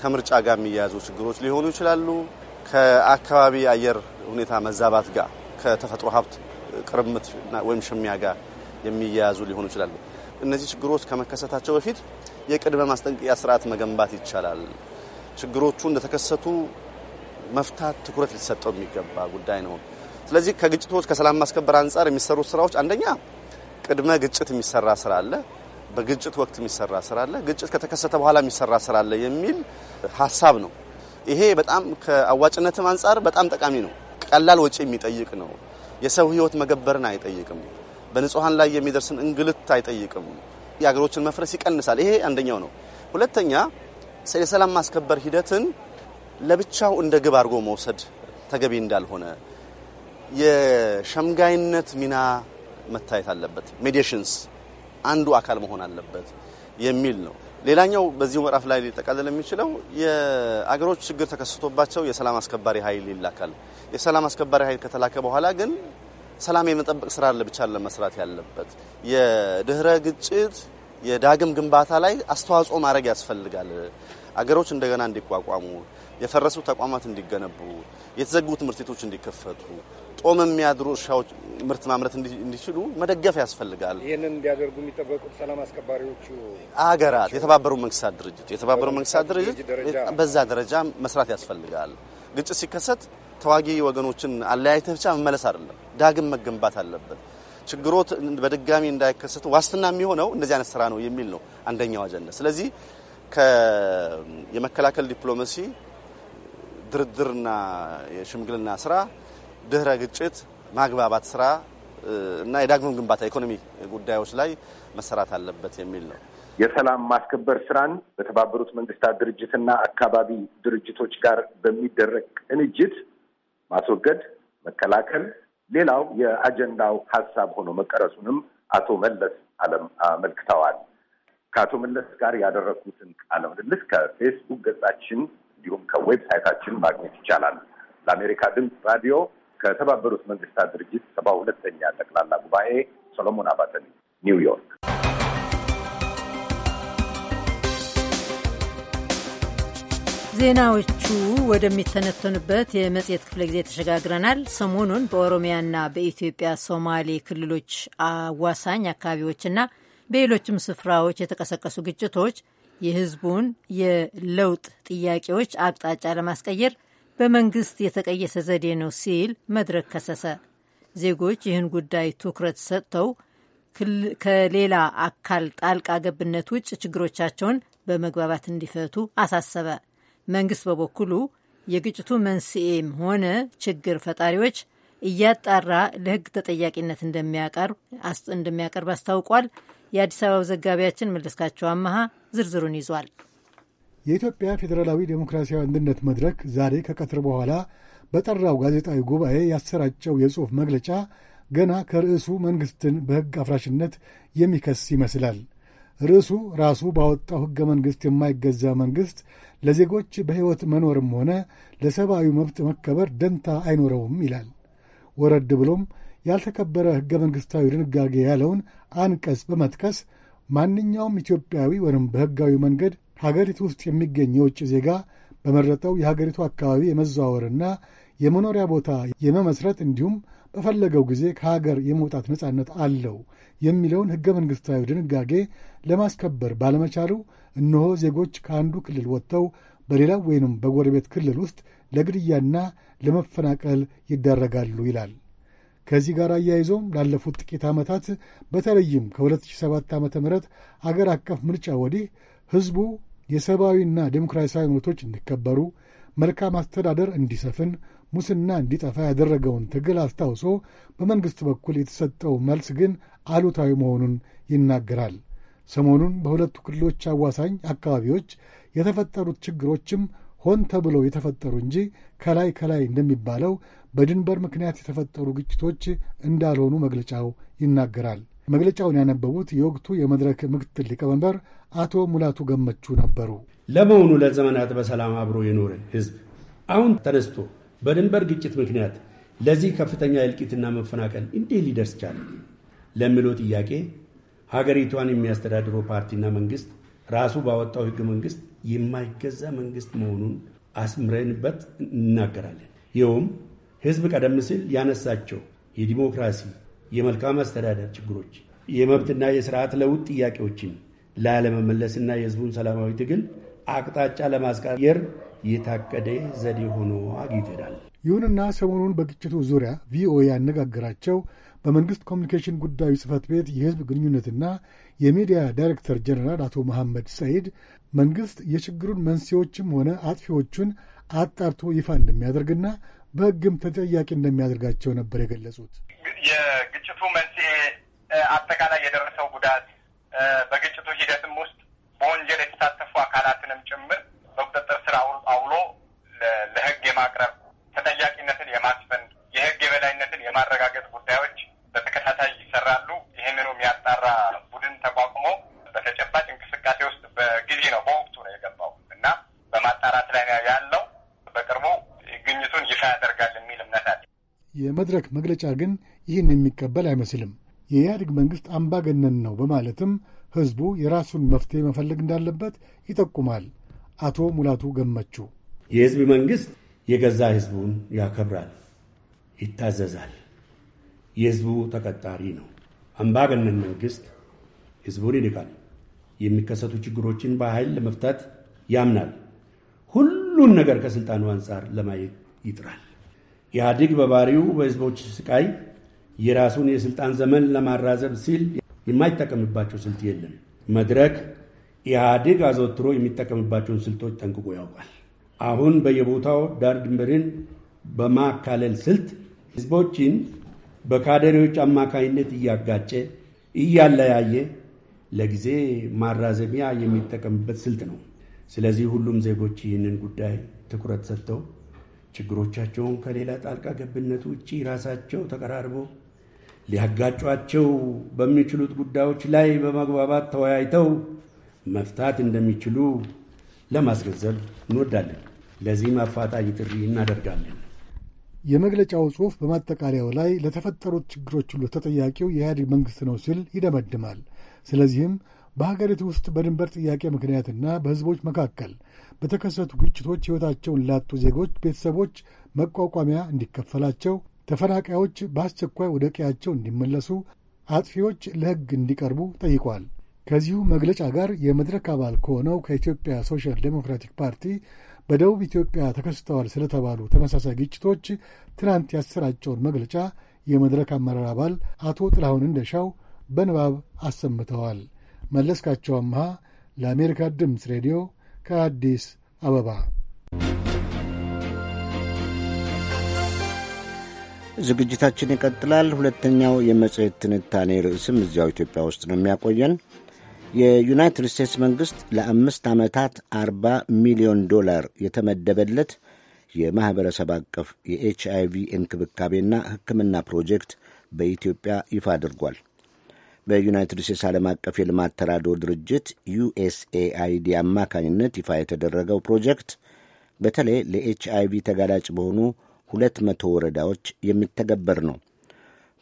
Speaker 8: ከምርጫ ጋር የሚያያዙ ችግሮች ሊሆኑ ይችላሉ። ከአካባቢ አየር ሁኔታ መዛባት ጋር፣ ከተፈጥሮ ሀብት ቅርምት ወይም ሽሚያ ጋር የሚያያዙ ሊሆኑ ይችላሉ። እነዚህ ችግሮች ከመከሰታቸው በፊት የቅድመ ማስጠንቀቂያ ስርዓት መገንባት ይቻላል። ችግሮቹ እንደተከሰቱ መፍታት ትኩረት ሊሰጠው የሚገባ ጉዳይ ነው። ስለዚህ ከግጭቶች ከሰላም ማስከበር አንጻር የሚሰሩ ስራዎች አንደኛ ቅድመ ግጭት የሚሰራ ስራ አለ፣ በግጭት ወቅት የሚሰራ ስራ አለ፣ ግጭት ከተከሰተ በኋላ የሚሰራ ስራ አለ የሚል ሀሳብ ነው። ይሄ በጣም ከአዋጭነትም አንጻር በጣም ጠቃሚ ነው። ቀላል ወጪ የሚጠይቅ ነው። የሰው ህይወት መገበርን አይጠይቅም። በንጹሐን ላይ የሚደርስን እንግልት አይጠይቅም። የሀገሮችን መፍረስ ይቀንሳል። ይሄ አንደኛው ነው። ሁለተኛ የሰላም ማስከበር ሂደትን ለብቻው እንደ ግብ አድርጎ መውሰድ ተገቢ እንዳልሆነ የሸምጋይነት ሚና መታየት አለበት፣ ሜዲሽንስ አንዱ አካል መሆን አለበት የሚል ነው። ሌላኛው በዚሁ ምዕራፍ ላይ ሊጠቃለል የሚችለው የአገሮች ችግር ተከስቶባቸው የሰላም አስከባሪ ኃይል ይላካል። የሰላም አስከባሪ ኃይል ከተላከ በኋላ ግን ሰላም የመጠበቅ ስራ ለብቻ ለመስራት ያለበት የድህረ ግጭት የዳግም ግንባታ ላይ አስተዋጽኦ ማድረግ ያስፈልጋል። አገሮች እንደገና እንዲቋቋሙ፣ የፈረሱ ተቋማት እንዲገነቡ፣ የተዘጉ ትምህርት ቤቶች እንዲከፈቱ፣ ጦም የሚያድሩ እርሻዎች ምርት ማምረት እንዲችሉ መደገፍ ያስፈልጋል።
Speaker 9: ይህንን እንዲያደርጉ የሚጠበቁት ሰላም አስከባሪዎቹ
Speaker 8: አገራት የተባበሩ መንግስታት ድርጅት የተባበሩ መንግስታት ድርጅት በዛ ደረጃ መስራት ያስፈልጋል። ግጭት ሲከሰት ተዋጊ ወገኖችን አለያይተህ ብቻ መመለስ አይደለም፣ ዳግም መገንባት አለበት። ችግሮት በድጋሚ እንዳይከሰት ዋስትና የሚሆነው እንደዚህ አይነት ስራ ነው የሚል ነው አንደኛው አጀንዳ። ስለዚህ የመከላከል ዲፕሎማሲ ድርድርና የሽምግልና ስራ፣ ድህረ ግጭት ማግባባት ስራ እና የዳግም ግንባታ ኢኮኖሚ ጉዳዮች
Speaker 7: ላይ መሰራት አለበት የሚል ነው። የሰላም ማስከበር ስራን በተባበሩት መንግስታት ድርጅትና አካባቢ ድርጅቶች ጋር በሚደረግ ቅንጅት ማስወገድ፣ መከላከል ሌላው የአጀንዳው ሀሳብ ሆኖ መቀረጹንም አቶ መለስ አለም አመልክተዋል። ከአቶ መለስ ጋር ያደረግኩትን ቃለ ምልልስ ከፌስቡክ ገጻችን እንዲሁም ከዌብሳይታችን ማግኘት ይቻላል። ለአሜሪካ ድምፅ ራዲዮ ከተባበሩት መንግስታት ድርጅት ሰባ ሁለተኛ ጠቅላላ ጉባኤ ሰሎሞን አባተ ኒውዮርክ
Speaker 3: ዜናዎቹ ወደሚተነተኑበት የመጽሔት ክፍለ ጊዜ ተሸጋግረናል። ሰሞኑን በኦሮሚያና በኢትዮጵያ ሶማሌ ክልሎች አዋሳኝ አካባቢዎችና በሌሎችም ስፍራዎች የተቀሰቀሱ ግጭቶች የሕዝቡን የለውጥ ጥያቄዎች አቅጣጫ ለማስቀየር በመንግስት የተቀየሰ ዘዴ ነው ሲል መድረክ ከሰሰ። ዜጎች ይህን ጉዳይ ትኩረት ሰጥተው ከሌላ አካል ጣልቃ ገብነት ውጭ ችግሮቻቸውን በመግባባት እንዲፈቱ አሳሰበ። መንግስት በበኩሉ የግጭቱ መንስኤም ሆነ ችግር ፈጣሪዎች እያጣራ ለህግ ተጠያቂነት እንደሚያቀርብ አስታውቋል። የአዲስ አበባው ዘጋቢያችን መለስካቸው አመሃ ዝርዝሩን ይዟል።
Speaker 10: የኢትዮጵያ ፌዴራላዊ ዴሞክራሲያዊ አንድነት መድረክ ዛሬ ከቀትር በኋላ በጠራው ጋዜጣዊ ጉባኤ ያሰራጨው የጽሑፍ መግለጫ ገና ከርዕሱ መንግስትን በሕግ አፍራሽነት የሚከስ ይመስላል። ርዕሱ ራሱ ባወጣው ሕገ መንግሥት የማይገዛ መንግሥት ለዜጎች በሕይወት መኖርም ሆነ ለሰብአዊ መብት መከበር ደንታ አይኖረውም ይላል። ወረድ ብሎም ያልተከበረ ሕገ መንግሥታዊ ድንጋጌ ያለውን አንቀጽ በመጥቀስ ማንኛውም ኢትዮጵያዊ ወይም በሕጋዊ መንገድ ሀገሪቱ ውስጥ የሚገኝ የውጭ ዜጋ በመረጠው የሀገሪቱ አካባቢ የመዘዋወርና የመኖሪያ ቦታ የመመስረት እንዲሁም በፈለገው ጊዜ ከሀገር የመውጣት ነጻነት አለው የሚለውን ሕገ መንግሥታዊ ድንጋጌ ለማስከበር ባለመቻሉ እነሆ ዜጎች ከአንዱ ክልል ወጥተው በሌላው ወይንም በጎረቤት ክልል ውስጥ ለግድያና ለመፈናቀል ይዳረጋሉ ይላል። ከዚህ ጋር አያይዞም ላለፉት ጥቂት ዓመታት በተለይም ከ2007 ዓ ም አገር አቀፍ ምርጫ ወዲህ ሕዝቡ የሰብአዊና ዴሞክራሲያዊ መብቶች እንዲከበሩ መልካም አስተዳደር እንዲሰፍን፣ ሙስና እንዲጠፋ ያደረገውን ትግል አስታውሶ በመንግሥት በኩል የተሰጠው መልስ ግን አሉታዊ መሆኑን ይናገራል። ሰሞኑን በሁለቱ ክልሎች አዋሳኝ አካባቢዎች የተፈጠሩት ችግሮችም ሆን ተብለው የተፈጠሩ እንጂ ከላይ ከላይ እንደሚባለው በድንበር ምክንያት የተፈጠሩ ግጭቶች እንዳልሆኑ መግለጫው ይናገራል። መግለጫውን ያነበቡት የወቅቱ የመድረክ ምክትል ሊቀመንበር አቶ ሙላቱ ገመቹ ነበሩ።
Speaker 11: ለመሆኑ ለዘመናት በሰላም አብሮ የኖረ ህዝብ አሁን ተነስቶ በድንበር ግጭት ምክንያት ለዚህ ከፍተኛ እልቂትና መፈናቀል እንዴ ሊደርስ ቻለ ለሚለው ጥያቄ ሀገሪቷን የሚያስተዳድረው ፓርቲና መንግስት ራሱ ባወጣው ህገ መንግስት የማይገዛ መንግስት መሆኑን አስምረንበት እናገራለን። ይኸውም ህዝብ ቀደም ሲል ያነሳቸው የዲሞክራሲ የመልካም አስተዳደር ችግሮች፣ የመብትና የስርዓት ለውጥ ጥያቄዎችን ላለመመለስና የህዝቡን ሰላማዊ ትግል አቅጣጫ ለማስቀየር የታቀደ ዘዴ ሆኖ አግኝተናል።
Speaker 10: ይሁንና ሰሞኑን በግጭቱ ዙሪያ ቪኦኤ ያነጋገራቸው በመንግስት ኮሚኒኬሽን ጉዳዩ ጽህፈት ቤት የህዝብ ግንኙነትና የሚዲያ ዳይሬክተር ጀኔራል አቶ መሐመድ ሰይድ መንግስት የችግሩን መንስኤዎችም ሆነ አጥፊዎቹን አጣርቶ ይፋ እንደሚያደርግና በሕግም ተጠያቂ እንደሚያደርጋቸው ነበር የገለጹት። የግጭቱ መንስኤ፣ አጠቃላይ የደረሰው ጉዳት፣
Speaker 7: በግጭቱ ሂደትም ውስጥ በወንጀል የተሳተፉ አካላትንም ጭምር በቁጥጥር ስር አውሎ ለህግ የማቅረብ ተጠያቂነትን የማስፈን የህግ የበላይነትን የማረጋገጥ ጉዳዮች በተከታታይ ይሰራሉ። ይህንኑ የሚያጣራ ቡድን ተቋቁሞ
Speaker 10: የመድረክ መግለጫ ግን ይህን የሚቀበል አይመስልም። የኢህአዴግ መንግሥት አምባገነን ነው በማለትም ሕዝቡ የራሱን መፍትሄ መፈለግ እንዳለበት ይጠቁማል። አቶ ሙላቱ ገመቹ
Speaker 11: የሕዝብ መንግሥት የገዛ ሕዝቡን ያከብራል፣ ይታዘዛል፣ የሕዝቡ ተቀጣሪ ነው። አምባገነን መንግሥት ሕዝቡን ይንቃል፣ የሚከሰቱ ችግሮችን በኃይል ለመፍታት ያምናል፣ ሁሉን ነገር ከሥልጣኑ አንጻር ለማየት ይጥራል። ኢህአዲግ በባሪው በህዝቦች ስቃይ የራሱን የስልጣን ዘመን ለማራዘብ ሲል የማይጠቀምባቸው ስልት የለም። መድረክ ኢህአዲግ አዘወትሮ የሚጠቀምባቸውን ስልቶች ጠንቅቆ ያውቃል። አሁን በየቦታው ዳር ድንበርን በማካለል ስልት ህዝቦችን በካደሬዎች አማካኝነት እያጋጨ እያለያየ ለጊዜ ማራዘሚያ የሚጠቀምበት ስልት ነው። ስለዚህ ሁሉም ዜጎች ይህንን ጉዳይ ትኩረት ሰጥተው ችግሮቻቸውን ከሌላ ጣልቃ ገብነት ውጭ ራሳቸው ተቀራርቦ ሊያጋጯቸው በሚችሉት ጉዳዮች ላይ በመግባባት ተወያይተው መፍታት እንደሚችሉ ለማስገንዘብ እንወዳለን። ለዚህም አፋጣኝ ጥሪ እናደርጋለን።
Speaker 10: የመግለጫው ጽሑፍ በማጠቃለያው ላይ ለተፈጠሩት ችግሮች ሁሉ ተጠያቂው የኢህአዴግ መንግሥት ነው ሲል ይደመድማል። ስለዚህም በሀገሪቱ ውስጥ በድንበር ጥያቄ ምክንያትና በሕዝቦች መካከል በተከሰቱ ግጭቶች ሕይወታቸውን ላጡ ዜጎች ቤተሰቦች መቋቋሚያ እንዲከፈላቸው፣ ተፈናቃዮች በአስቸኳይ ወደ ቀያቸው እንዲመለሱ፣ አጥፊዎች ለሕግ እንዲቀርቡ ጠይቋል። ከዚሁ መግለጫ ጋር የመድረክ አባል ከሆነው ከኢትዮጵያ ሶሻል ዴሞክራቲክ ፓርቲ በደቡብ ኢትዮጵያ ተከስተዋል ስለተባሉ ተመሳሳይ ግጭቶች ትናንት ያሰራጨውን መግለጫ የመድረክ አመራር አባል አቶ ጥላሁን እንደሻው በንባብ አሰምተዋል። መለስካቸው አምሃ ለአሜሪካ ድምፅ ሬዲዮ ከአዲስ አበባ።
Speaker 1: ዝግጅታችን ይቀጥላል። ሁለተኛው የመጽሔት ትንታኔ ርዕስም እዚያው ኢትዮጵያ ውስጥ ነው የሚያቆየን። የዩናይትድ ስቴትስ መንግሥት ለአምስት ዓመታት አርባ ሚሊዮን ዶላር የተመደበለት የማኅበረሰብ አቀፍ የኤች አይ ቪ እንክብካቤና ሕክምና ፕሮጀክት በኢትዮጵያ ይፋ አድርጓል። በዩናይትድ ስቴትስ ዓለም አቀፍ የልማት ተራድኦ ድርጅት ዩኤስኤአይዲ አማካኝነት ይፋ የተደረገው ፕሮጀክት በተለይ ለኤች አይ ቪ ተጋላጭ በሆኑ ሁለት መቶ ወረዳዎች የሚተገበር ነው።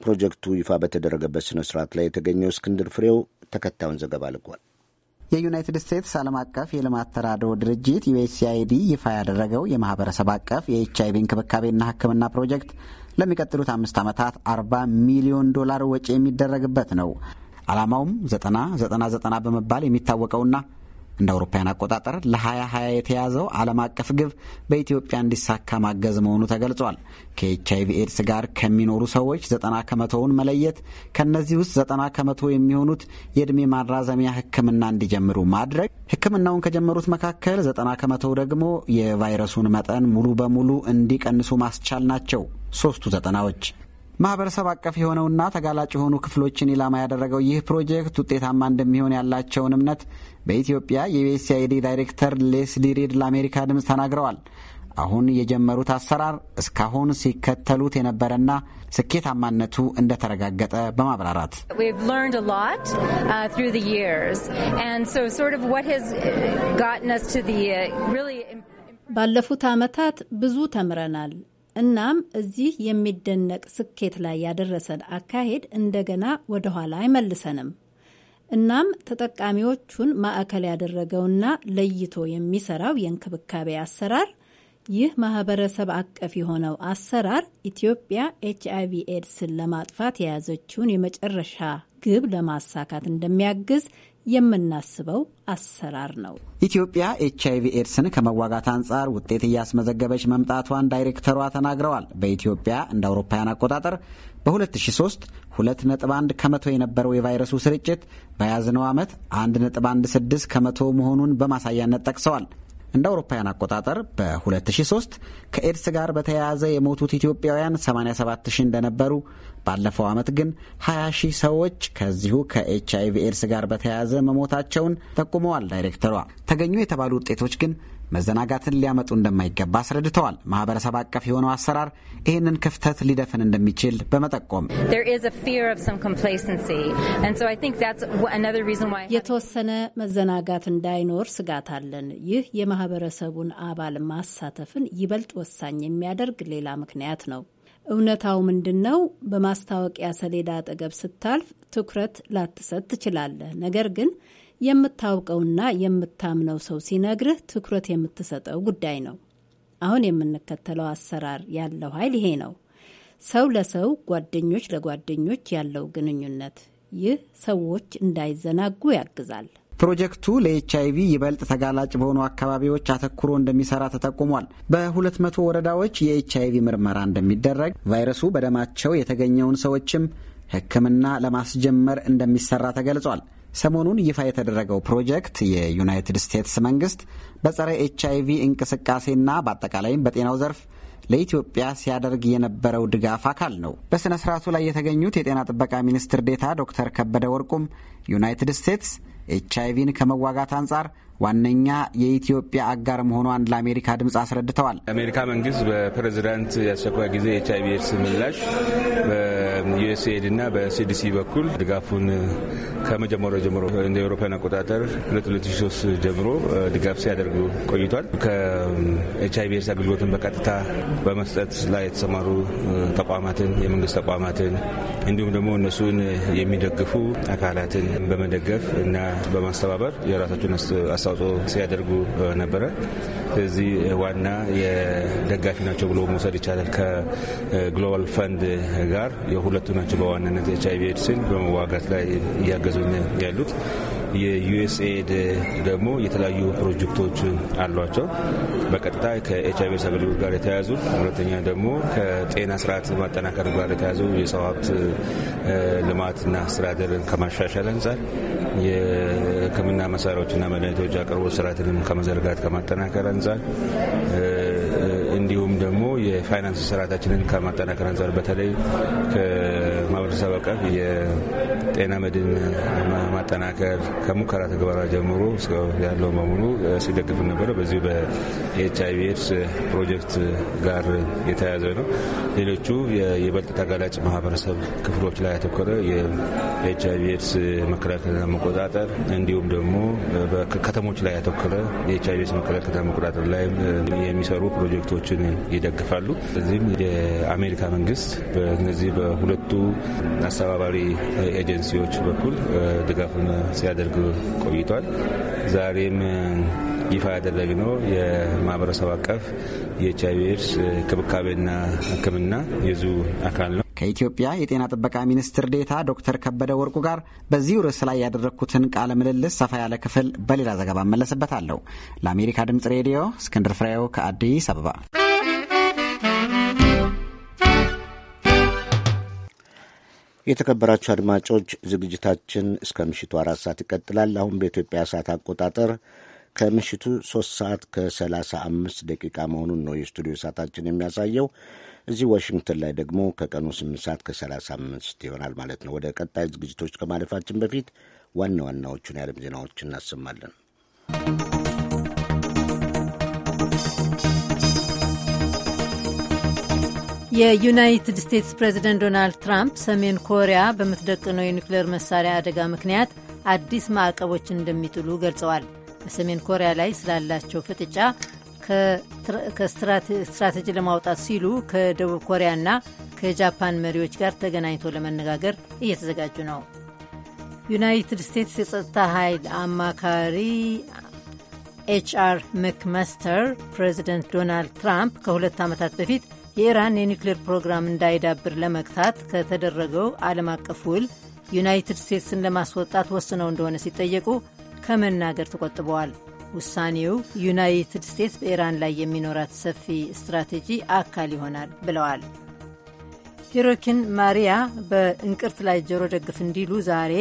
Speaker 1: ፕሮጀክቱ ይፋ በተደረገበት ስነ ስርዓት ላይ የተገኘው እስክንድር ፍሬው ተከታዩን ዘገባ ልኳል።
Speaker 12: የዩናይትድ ስቴትስ ዓለም አቀፍ የልማት ተራድኦ ድርጅት ዩኤስኤአይዲ ይፋ ያደረገው የማህበረሰብ አቀፍ የኤች አይ ቪ እንክብካቤና ሕክምና ፕሮጀክት ለሚቀጥሉት አምስት ዓመታት 40 ሚሊዮን ዶላር ወጪ የሚደረግበት ነው። ዓላማውም ዘጠና ዘጠና ዘጠና በመባል የሚታወቀውና እንደ አውሮፓውያን አቆጣጠር ለ2020 የተያዘው ዓለም አቀፍ ግብ በኢትዮጵያ እንዲሳካ ማገዝ መሆኑ ተገልጿል። ከኤች አይቪ ኤድስ ጋር ከሚኖሩ ሰዎች ዘጠና ከመቶውን መለየት፣ ከእነዚህ ውስጥ ዘጠና ከመቶ የሚሆኑት የዕድሜ ማራዘሚያ ሕክምና እንዲጀምሩ ማድረግ፣ ሕክምናውን ከጀመሩት መካከል ዘጠና ከመቶው ደግሞ የቫይረሱን መጠን ሙሉ በሙሉ እንዲቀንሱ ማስቻል ናቸው ሶስቱ ዘጠናዎች። ማህበረሰብ አቀፍ የሆነውና ተጋላጭ የሆኑ ክፍሎችን ኢላማ ያደረገው ይህ ፕሮጀክት ውጤታማ እንደሚሆን ያላቸውን እምነት በኢትዮጵያ የዩኤስአይዲ ዳይሬክተር ሌስሊ ሪድ ለአሜሪካ ድምፅ ተናግረዋል። አሁን የጀመሩት አሰራር እስካሁን ሲከተሉት የነበረና ስኬታማነቱ እንደተረጋገጠ በማብራራት
Speaker 3: uh,
Speaker 13: uh, ባለፉት ዓመታት ብዙ ተምረናል። እናም እዚህ የሚደነቅ ስኬት ላይ ያደረሰን አካሄድ እንደገና ወደኋላ አይመልሰንም። እናም ተጠቃሚዎቹን ማዕከል ያደረገውና ለይቶ የሚሰራው የእንክብካቤ አሰራር ይህ ማህበረሰብ አቀፍ የሆነው አሰራር ኢትዮጵያ ኤች አይቪ ኤድስን ለማጥፋት የያዘችውን የመጨረሻ ግብ ለማሳካት እንደሚያግዝ የምናስበው አሰራር ነው።
Speaker 12: ኢትዮጵያ ኤች አይቪ ኤድስን ከመዋጋት አንጻር ውጤት እያስመዘገበች መምጣቷን ዳይሬክተሯ ተናግረዋል። በኢትዮጵያ እንደ አውሮፓውያን አቆጣጠር በ2003 2.1 ከመቶ የነበረው የቫይረሱ ስርጭት በያዝነው ዓመት 1.16 ከመቶ መሆኑን በማሳያነት ጠቅሰዋል። እንደ አውሮፓውያን አቆጣጠር በ2003 ከኤድስ ጋር በተያያዘ የሞቱት ኢትዮጵያውያን 87 ሺህ እንደነበሩ ባለፈው ዓመት ግን 20 ሺህ ሰዎች ከዚሁ ከኤች አይቪ ኤድስ ጋር በተያያዘ መሞታቸውን ጠቁመዋል ዳይሬክተሯ። ተገኙ የተባሉ ውጤቶች ግን መዘናጋትን ሊያመጡ እንደማይገባ አስረድተዋል። ማህበረሰብ አቀፍ የሆነው አሰራር ይህንን ክፍተት ሊደፍን እንደሚችል በመጠቆም
Speaker 13: የተወሰነ መዘናጋት እንዳይኖር ስጋት አለን። ይህ የማህበረሰቡን አባል ማሳተፍን ይበልጥ ወሳኝ የሚያደርግ ሌላ ምክንያት ነው። እውነታው ምንድን ነው? በማስታወቂያ ሰሌዳ አጠገብ ስታልፍ ትኩረት ላትሰጥ ትችላለህ። ነገር ግን የምታውቀውና የምታምነው ሰው ሲነግርህ ትኩረት የምትሰጠው ጉዳይ ነው። አሁን የምንከተለው አሰራር ያለው ኃይል ይሄ ነው። ሰው ለሰው ጓደኞች ለጓደኞች ያለው ግንኙነት ይህ ሰዎች እንዳይዘናጉ ያግዛል።
Speaker 12: ፕሮጀክቱ ለኤች አይቪ ይበልጥ ተጋላጭ በሆኑ አካባቢዎች አተኩሮ እንደሚሰራ ተጠቁሟል። በሁለት መቶ ወረዳዎች የኤች አይቪ ምርመራ እንደሚደረግ፣ ቫይረሱ በደማቸው የተገኘውን ሰዎችም ሕክምና ለማስጀመር እንደሚሰራ ተገልጿል። ሰሞኑን ይፋ የተደረገው ፕሮጀክት የዩናይትድ ስቴትስ መንግስት በጸረ ኤች አይቪ እንቅስቃሴና በአጠቃላይም በጤናው ዘርፍ ለኢትዮጵያ ሲያደርግ የነበረው ድጋፍ አካል ነው። በሥነ ሥርዓቱ ላይ የተገኙት የጤና ጥበቃ ሚኒስትር ዴታ ዶክተር ከበደ ወርቁም ዩናይትድ ስቴትስ ኤች አይቪን ከመዋጋት አንጻር ዋነኛ የኢትዮጵያ አጋር መሆኗን ለአሜሪካ ድምፅ አስረድተዋል።
Speaker 14: የአሜሪካ መንግስት በፕሬዚዳንት የአስቸኳይ ጊዜ ኤች አይቪ ኤድስ ምላሽ በዩኤስኤድ እና በሲዲሲ በኩል ድጋፉን ከመጀመሪያ ጀምሮ እንደ ኤሮፓን አቆጣጠር 2003 ጀምሮ ድጋፍ ሲያደርጉ ቆይቷል። ከኤች አይቪ ኤድስ አገልግሎትን በቀጥታ በመስጠት ላይ የተሰማሩ ተቋማትን፣ የመንግስት ተቋማትን እንዲሁም ደግሞ እነሱን የሚደግፉ አካላትን በመደገፍ እና በማስተባበር የራሳቸውን አስተዋጽኦ ሲያደርጉ ነበረ። እዚህ ዋና የደጋፊ ናቸው ብሎ መውሰድ ይቻላል። ከግሎባል ፈንድ ጋር የሁለቱ ናቸው በዋናነት ኤች አይ ቪ ኤድስን በመዋጋት ላይ እያገዙኝ ያሉት የዩኤስኤድ ደግሞ የተለያዩ ፕሮጀክቶች አሏቸው። በቀጥታ ከኤችአይቪ ሰብልዩት ጋር የተያዙ ሁለተኛ ደግሞ ከጤና ስርዓት ማጠናከር ጋር የተያዙ የሰው ሀብት ልማትና አስተዳደርን ከማሻሻል አንጻር የሕክምና መሳሪያዎችና መድኃኒቶች አቅርቦት ስርዓትንም ከመዘርጋት ከማጠናከር አንጻር እንዲሁም ደግሞ የፋይናንስ ስርዓታችንን ከማጠናከር አንጻር በተለይ ከማህበረሰብ አቀፍ ጤና መድን ማጠናከር ከሙከራ ተግባራ ጀምሮ ያለው በሙሉ ሲደግፍ ነበረ። በዚሁ በኤች አይቪ ኤድስ ፕሮጀክት ጋር የተያያዘ ነው። ሌሎቹ የበልጥ ተጋላጭ ማህበረሰብ ክፍሎች ላይ ያተኮረ የኤች አይቪ ኤድስ መከላከልና መቆጣጠር እንዲሁም ደግሞ ከተሞች ላይ ያተኮረ የኤች አይቪ ኤድስ መከላከልና መቆጣጠር ላይ የሚሰሩ ፕሮጀክቶችን ይደግፋሉ። እዚህም የአሜሪካ መንግስት በእነዚህ በሁለቱ አስተባባሪ ኤጀንሲ ኤጀንሲዎች በኩል ድጋፍን ሲያደርግ ቆይቷል። ዛሬም ይፋ ያደረግነው
Speaker 12: የማህበረሰብ አቀፍ የኤች አይቪ ኤድስ ክብካቤና ሕክምና የዙ አካል ነው። ከኢትዮጵያ የጤና ጥበቃ ሚኒስትር ዴታ ዶክተር ከበደ ወርቁ ጋር በዚሁ ርዕስ ላይ ያደረግኩትን ቃለ ምልልስ ሰፋ ያለ ክፍል በሌላ ዘገባ እመለስበታለሁ። ለአሜሪካ ድምጽ ሬዲዮ እስክንድር ፍሬው ከአዲስ አበባ
Speaker 1: የተከበራችሁ አድማጮች ዝግጅታችን እስከ ምሽቱ አራት ሰዓት ይቀጥላል። አሁን በኢትዮጵያ ሰዓት አቆጣጠር ከምሽቱ ሶስት ሰዓት ከሰላሳ አምስት ደቂቃ መሆኑን ነው የስቱዲዮ ሰዓታችን የሚያሳየው። እዚህ ዋሽንግተን ላይ ደግሞ ከቀኑ ስምንት ሰዓት ከሰላሳ አምስት ይሆናል ማለት ነው። ወደ ቀጣይ ዝግጅቶች ከማለፋችን በፊት ዋና ዋናዎቹን የዓለም ዜናዎች እናሰማለን።
Speaker 3: የዩናይትድ ስቴትስ ፕሬዝደንት ዶናልድ ትራምፕ ሰሜን ኮሪያ በምትደቅነው የኒውክሌር መሳሪያ አደጋ ምክንያት አዲስ ማዕቀቦችን እንደሚጥሉ ገልጸዋል። በሰሜን ኮሪያ ላይ ስላላቸው ፍጥጫ ከስትራቴጂ ለማውጣት ሲሉ ከደቡብ ኮሪያና ከጃፓን መሪዎች ጋር ተገናኝቶ ለመነጋገር እየተዘጋጁ ነው። ዩናይትድ ስቴትስ የጸጥታ ኃይል አማካሪ ኤችአር መክመስተር ፕሬዚደንት ዶናልድ ትራምፕ ከሁለት ዓመታት በፊት የኢራን የኒውክሌር ፕሮግራም እንዳይዳብር ለመግታት ከተደረገው ዓለም አቀፍ ውል ዩናይትድ ስቴትስን ለማስወጣት ወስነው እንደሆነ ሲጠየቁ ከመናገር ተቆጥበዋል። ውሳኔው ዩናይትድ ስቴትስ በኢራን ላይ የሚኖራት ሰፊ ስትራቴጂ አካል ይሆናል ብለዋል። ሂሮኪን ማሪያ በእንቅርት ላይ ጆሮ ደግፍ እንዲሉ ዛሬ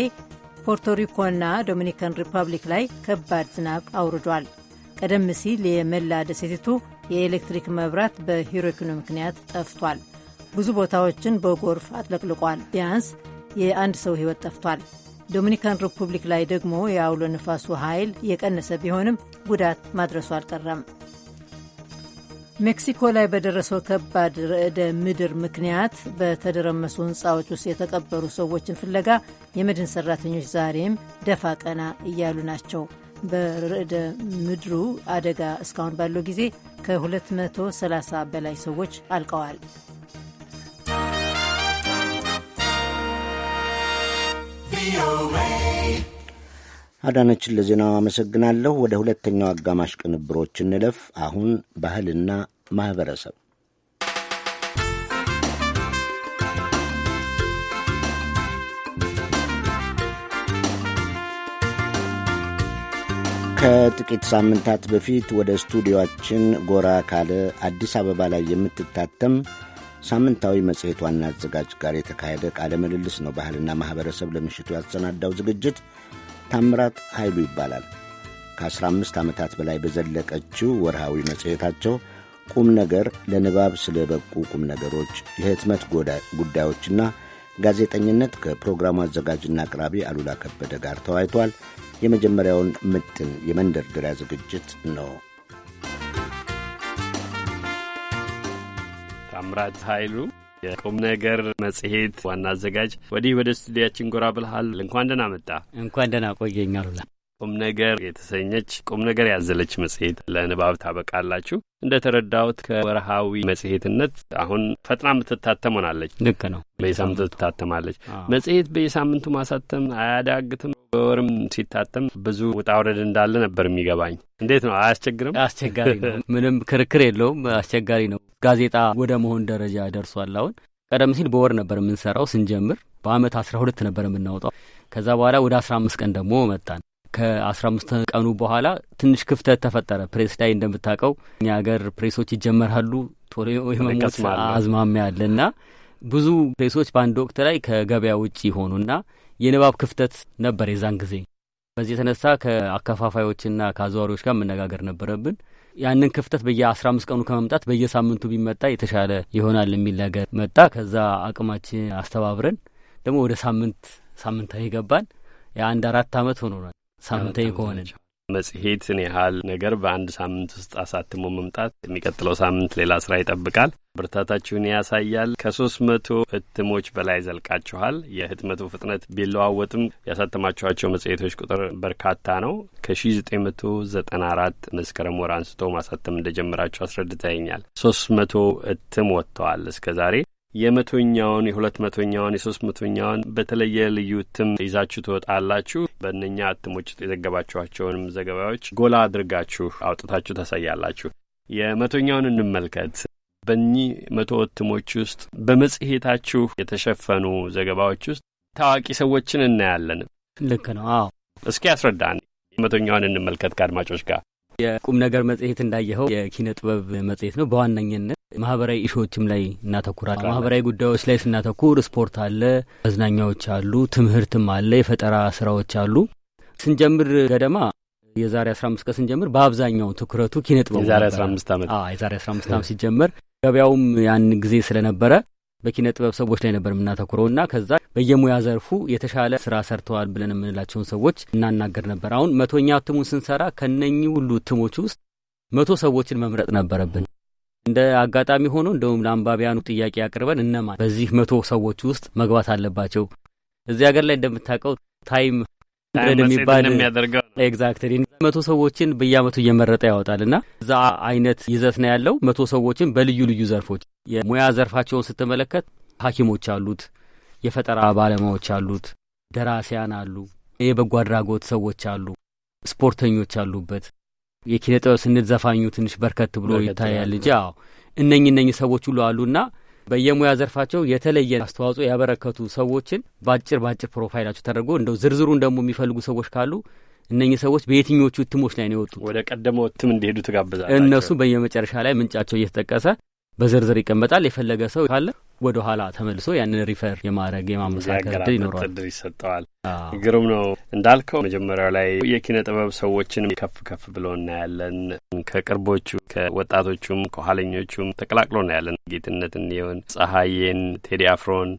Speaker 3: ፖርቶሪኮና ዶሚኒካን ሪፐብሊክ ላይ ከባድ ዝናብ አውርዷል። ቀደም ሲል የመላ ደሴቲቱ የኤሌክትሪክ መብራት በሂሮኪኑ ምክንያት ጠፍቷል። ብዙ ቦታዎችን በጎርፍ አጥለቅልቋል። ቢያንስ የአንድ ሰው ሕይወት ጠፍቷል። ዶሚኒካን ሪፑብሊክ ላይ ደግሞ የአውሎ ነፋሱ ኃይል የቀነሰ ቢሆንም ጉዳት ማድረሱ አልቀረም። ሜክሲኮ ላይ በደረሰው ከባድ ርዕደ ምድር ምክንያት በተደረመሱ ሕንፃዎች ውስጥ የተቀበሩ ሰዎችን ፍለጋ የመድን ሰራተኞች ዛሬም ደፋ ቀና እያሉ ናቸው። በርዕደ ምድሩ አደጋ እስካሁን ባለው ጊዜ ከ230 በላይ ሰዎች አልቀዋል።
Speaker 1: አዳነችን ለዜናው አመሰግናለሁ። ወደ ሁለተኛው አጋማሽ ቅንብሮች እንለፍ። አሁን ባህልና ማኅበረሰብ ከጥቂት ሳምንታት በፊት ወደ ስቱዲዮአችን ጎራ ካለ አዲስ አበባ ላይ የምትታተም ሳምንታዊ መጽሔት ዋና አዘጋጅ ጋር የተካሄደ ቃለ ምልልስ ነው። ባህልና ማኅበረሰብ ለምሽቱ ያሰናዳው ዝግጅት ታምራት ኃይሉ ይባላል። ከ15 ዓመታት በላይ በዘለቀችው ወርሃዊ መጽሔታቸው ቁም ነገር ለንባብ ስለ በቁ ቁም ነገሮች፣ የህትመት ጉዳዮችና ጋዜጠኝነት ከፕሮግራሙ አዘጋጅና አቅራቢ አሉላ ከበደ ጋር ተወያይቷል። የመጀመሪያውን ምጥን የመንደርደሪያ ዝግጅት ነው።
Speaker 5: ታምራት ኃይሉ የቁም ነገር መጽሔት ዋና አዘጋጅ፣ ወዲህ ወደ ስቱዲያችን ጎራ ብልሃል። እንኳን ደህና መጣ። እንኳን
Speaker 6: ደህና ቆየኝ አሉላ።
Speaker 5: ቁም ነገር የተሰኘች ቁም ነገር ያዘለች መጽሔት ለንባብ ታበቃላችሁ። እንደ ተረዳሁት ከወርሃዊ መጽሔትነት አሁን ፈጥና የምትታተም ሆናለች። ልክ ነው። በየሳምንቱ ትታተማለች። መጽሔት በየሳምንቱ ማሳተም አያዳግትም። በወርም ሲታተም ብዙ ውጣ ውረድ እንዳለ ነበር የሚገባኝ። እንዴት ነው? አያስቸግርም? አስቸጋሪ ነው። <laughs>
Speaker 6: ምንም ክርክር የለውም። አስቸጋሪ ነው። ጋዜጣ ወደ መሆን ደረጃ ደርሷል። አሁን ቀደም ሲል በወር ነበር የምንሰራው። ስንጀምር በአመት አስራ ሁለት ነበር የምናወጣው። ከዛ በኋላ ወደ አስራ አምስት ቀን ደግሞ መጣን። ከአስራ አምስት ቀኑ በኋላ ትንሽ ክፍተት ተፈጠረ። ፕሬስ ላይ እንደምታውቀው እኛ ሀገር ፕሬሶች ይጀመራሉ ቶሎ የመሞት አዝማሚያ አለና ብዙ ፕሬሶች በአንድ ወቅት ላይ ከገበያ ውጭ ይሆኑና የንባብ ክፍተት ነበር የዛን ጊዜ። በዚህ የተነሳ ከአከፋፋዮችና ከአዘዋሪዎች ጋር መነጋገር ነበረብን። ያንን ክፍተት በየ አስራ አምስት ቀኑ ከመምጣት በየሳምንቱ ቢመጣ የተሻለ ይሆናል የሚል ነገር መጣ። ከዛ አቅማችን አስተባብረን ደግሞ ወደ ሳምንት ሳምንታዊ ገባን። የአንድ አራት አመት ሆኖናል። ሳምንታዊ ከሆነ
Speaker 5: መጽሔትን ያህል ነገር በአንድ ሳምንት ውስጥ አሳትሞ መምጣት የሚቀጥለው ሳምንት ሌላ ስራ ይጠብቃል። ብርታታችሁን ያሳያል። ከሶስት መቶ ህትሞች በላይ ዘልቃችኋል። የህትመቱ ፍጥነት ቢለዋወጥም ያሳተማችኋቸው መጽሔቶች ቁጥር በርካታ ነው። ከ1994 መስከረም ወር አንስቶ ማሳተም እንደጀመራችሁ አስረድተኛል። ሶስት መቶ እትም ወጥተዋል እስከ ዛሬ የመቶኛውን የሁለት መቶኛውን የሶስት መቶኛውን በተለየ ልዩ እትም ይዛችሁ ትወጣላችሁ። በእነኛ እትሞች የዘገባችኋቸውንም ዘገባዎች ጎላ አድርጋችሁ አውጥታችሁ ታሳያላችሁ። የመቶኛውን እንመልከት። በእኚህ መቶ እትሞች ውስጥ በመጽሔታችሁ የተሸፈኑ ዘገባዎች ውስጥ ታዋቂ ሰዎችን እናያለን። ልክ ነው? አዎ። እስኪ ያስረዳን። መቶኛውን እንመልከት ከአድማጮች ጋር
Speaker 6: የቁም ነገር መጽሔት እንዳየኸው የኪነ ጥበብ መጽሔት ነው በዋነኝነት ማህበራዊ ኢሾዎችም ላይ እናተኩራለን። ማህበራዊ ጉዳዮች ላይ ስናተኩር ስፖርት አለ፣ መዝናኛዎች አሉ፣ ትምህርትም አለ፣ የፈጠራ ስራዎች አሉ። ስንጀምር ገደማ የዛሬ አስራ አምስት ቀን ስንጀምር በአብዛኛው ትኩረቱ ኪነጥበቡ የዛሬ አስራ አምስት ዓመት የዛሬ ዓመት ሲጀመር ገበያውም ያን ጊዜ ስለነበረ በኪነ ጥበብ ሰዎች ላይ ነበር የምናተኩረው እና ከዛ በየሙያ ዘርፉ የተሻለ ስራ ሰርተዋል ብለን የምንላቸውን ሰዎች እናናገር ነበር። አሁን መቶኛ እትሙን ስንሰራ ከነኚህ ሁሉ እትሞች ውስጥ መቶ ሰዎችን መምረጥ ነበረብን። እንደ አጋጣሚ ሆኖ እንደውም ለአንባቢያኑ ጥያቄ አቅርበን እነማን በዚህ መቶ ሰዎች ውስጥ መግባት አለባቸው? እዚህ ሀገር ላይ እንደምታውቀው ታይም የሚባል ኤግዛክትሊ መቶ ሰዎችን በየአመቱ እየመረጠ ያወጣል እና እዛ አይነት ይዘት ነው ያለው። መቶ ሰዎችን በልዩ ልዩ ዘርፎች የሙያ ዘርፋቸውን ስትመለከት ሐኪሞች አሉት፣ የፈጠራ ባለሙያዎች አሉት፣ ደራሲያን አሉ፣ የበጎ አድራጎት ሰዎች አሉ፣ ስፖርተኞች አሉበት የኪነ ጥበብ ስንል ዘፋኙ ትንሽ በርከት ብሎ ይታያል እንጂ አዎ እነኝ እነኝ ሰዎች ሁሉ አሉና በየሙያ ዘርፋቸው የተለየ አስተዋጽኦ ያበረከቱ ሰዎችን በአጭር በአጭር ፕሮፋይላቸው ተደርጎ እንደው ዝርዝሩን ደግሞ የሚፈልጉ ሰዎች ካሉ እነኚህ ሰዎች በየትኞቹ እትሞች ላይ ነው የወጡት ወደ
Speaker 5: ቀደመው እትም እንዲሄዱ ትጋብዛል። እነሱ
Speaker 6: በየመጨረሻ ላይ ምንጫቸው እየተጠቀሰ በዝርዝር ይቀመጣል። የፈለገ ሰው ካለ ወደ ኋላ ተመልሶ ያንን ሪፈር የማድረግ የማመሳከር ድል ይኖረዋል፣ እድል
Speaker 5: ይሰጠዋል። ግሩም ነው እንዳልከው መጀመሪያው ላይ የኪነ ጥበብ ሰዎችን ከፍ ከፍ ብሎ እናያለን። ከቅርቦቹ ከወጣቶቹም ከኋለኞቹም ተቀላቅሎ እናያለን። ጌትነት የሆን ጸሐዬን፣ ቴዲ አፍሮን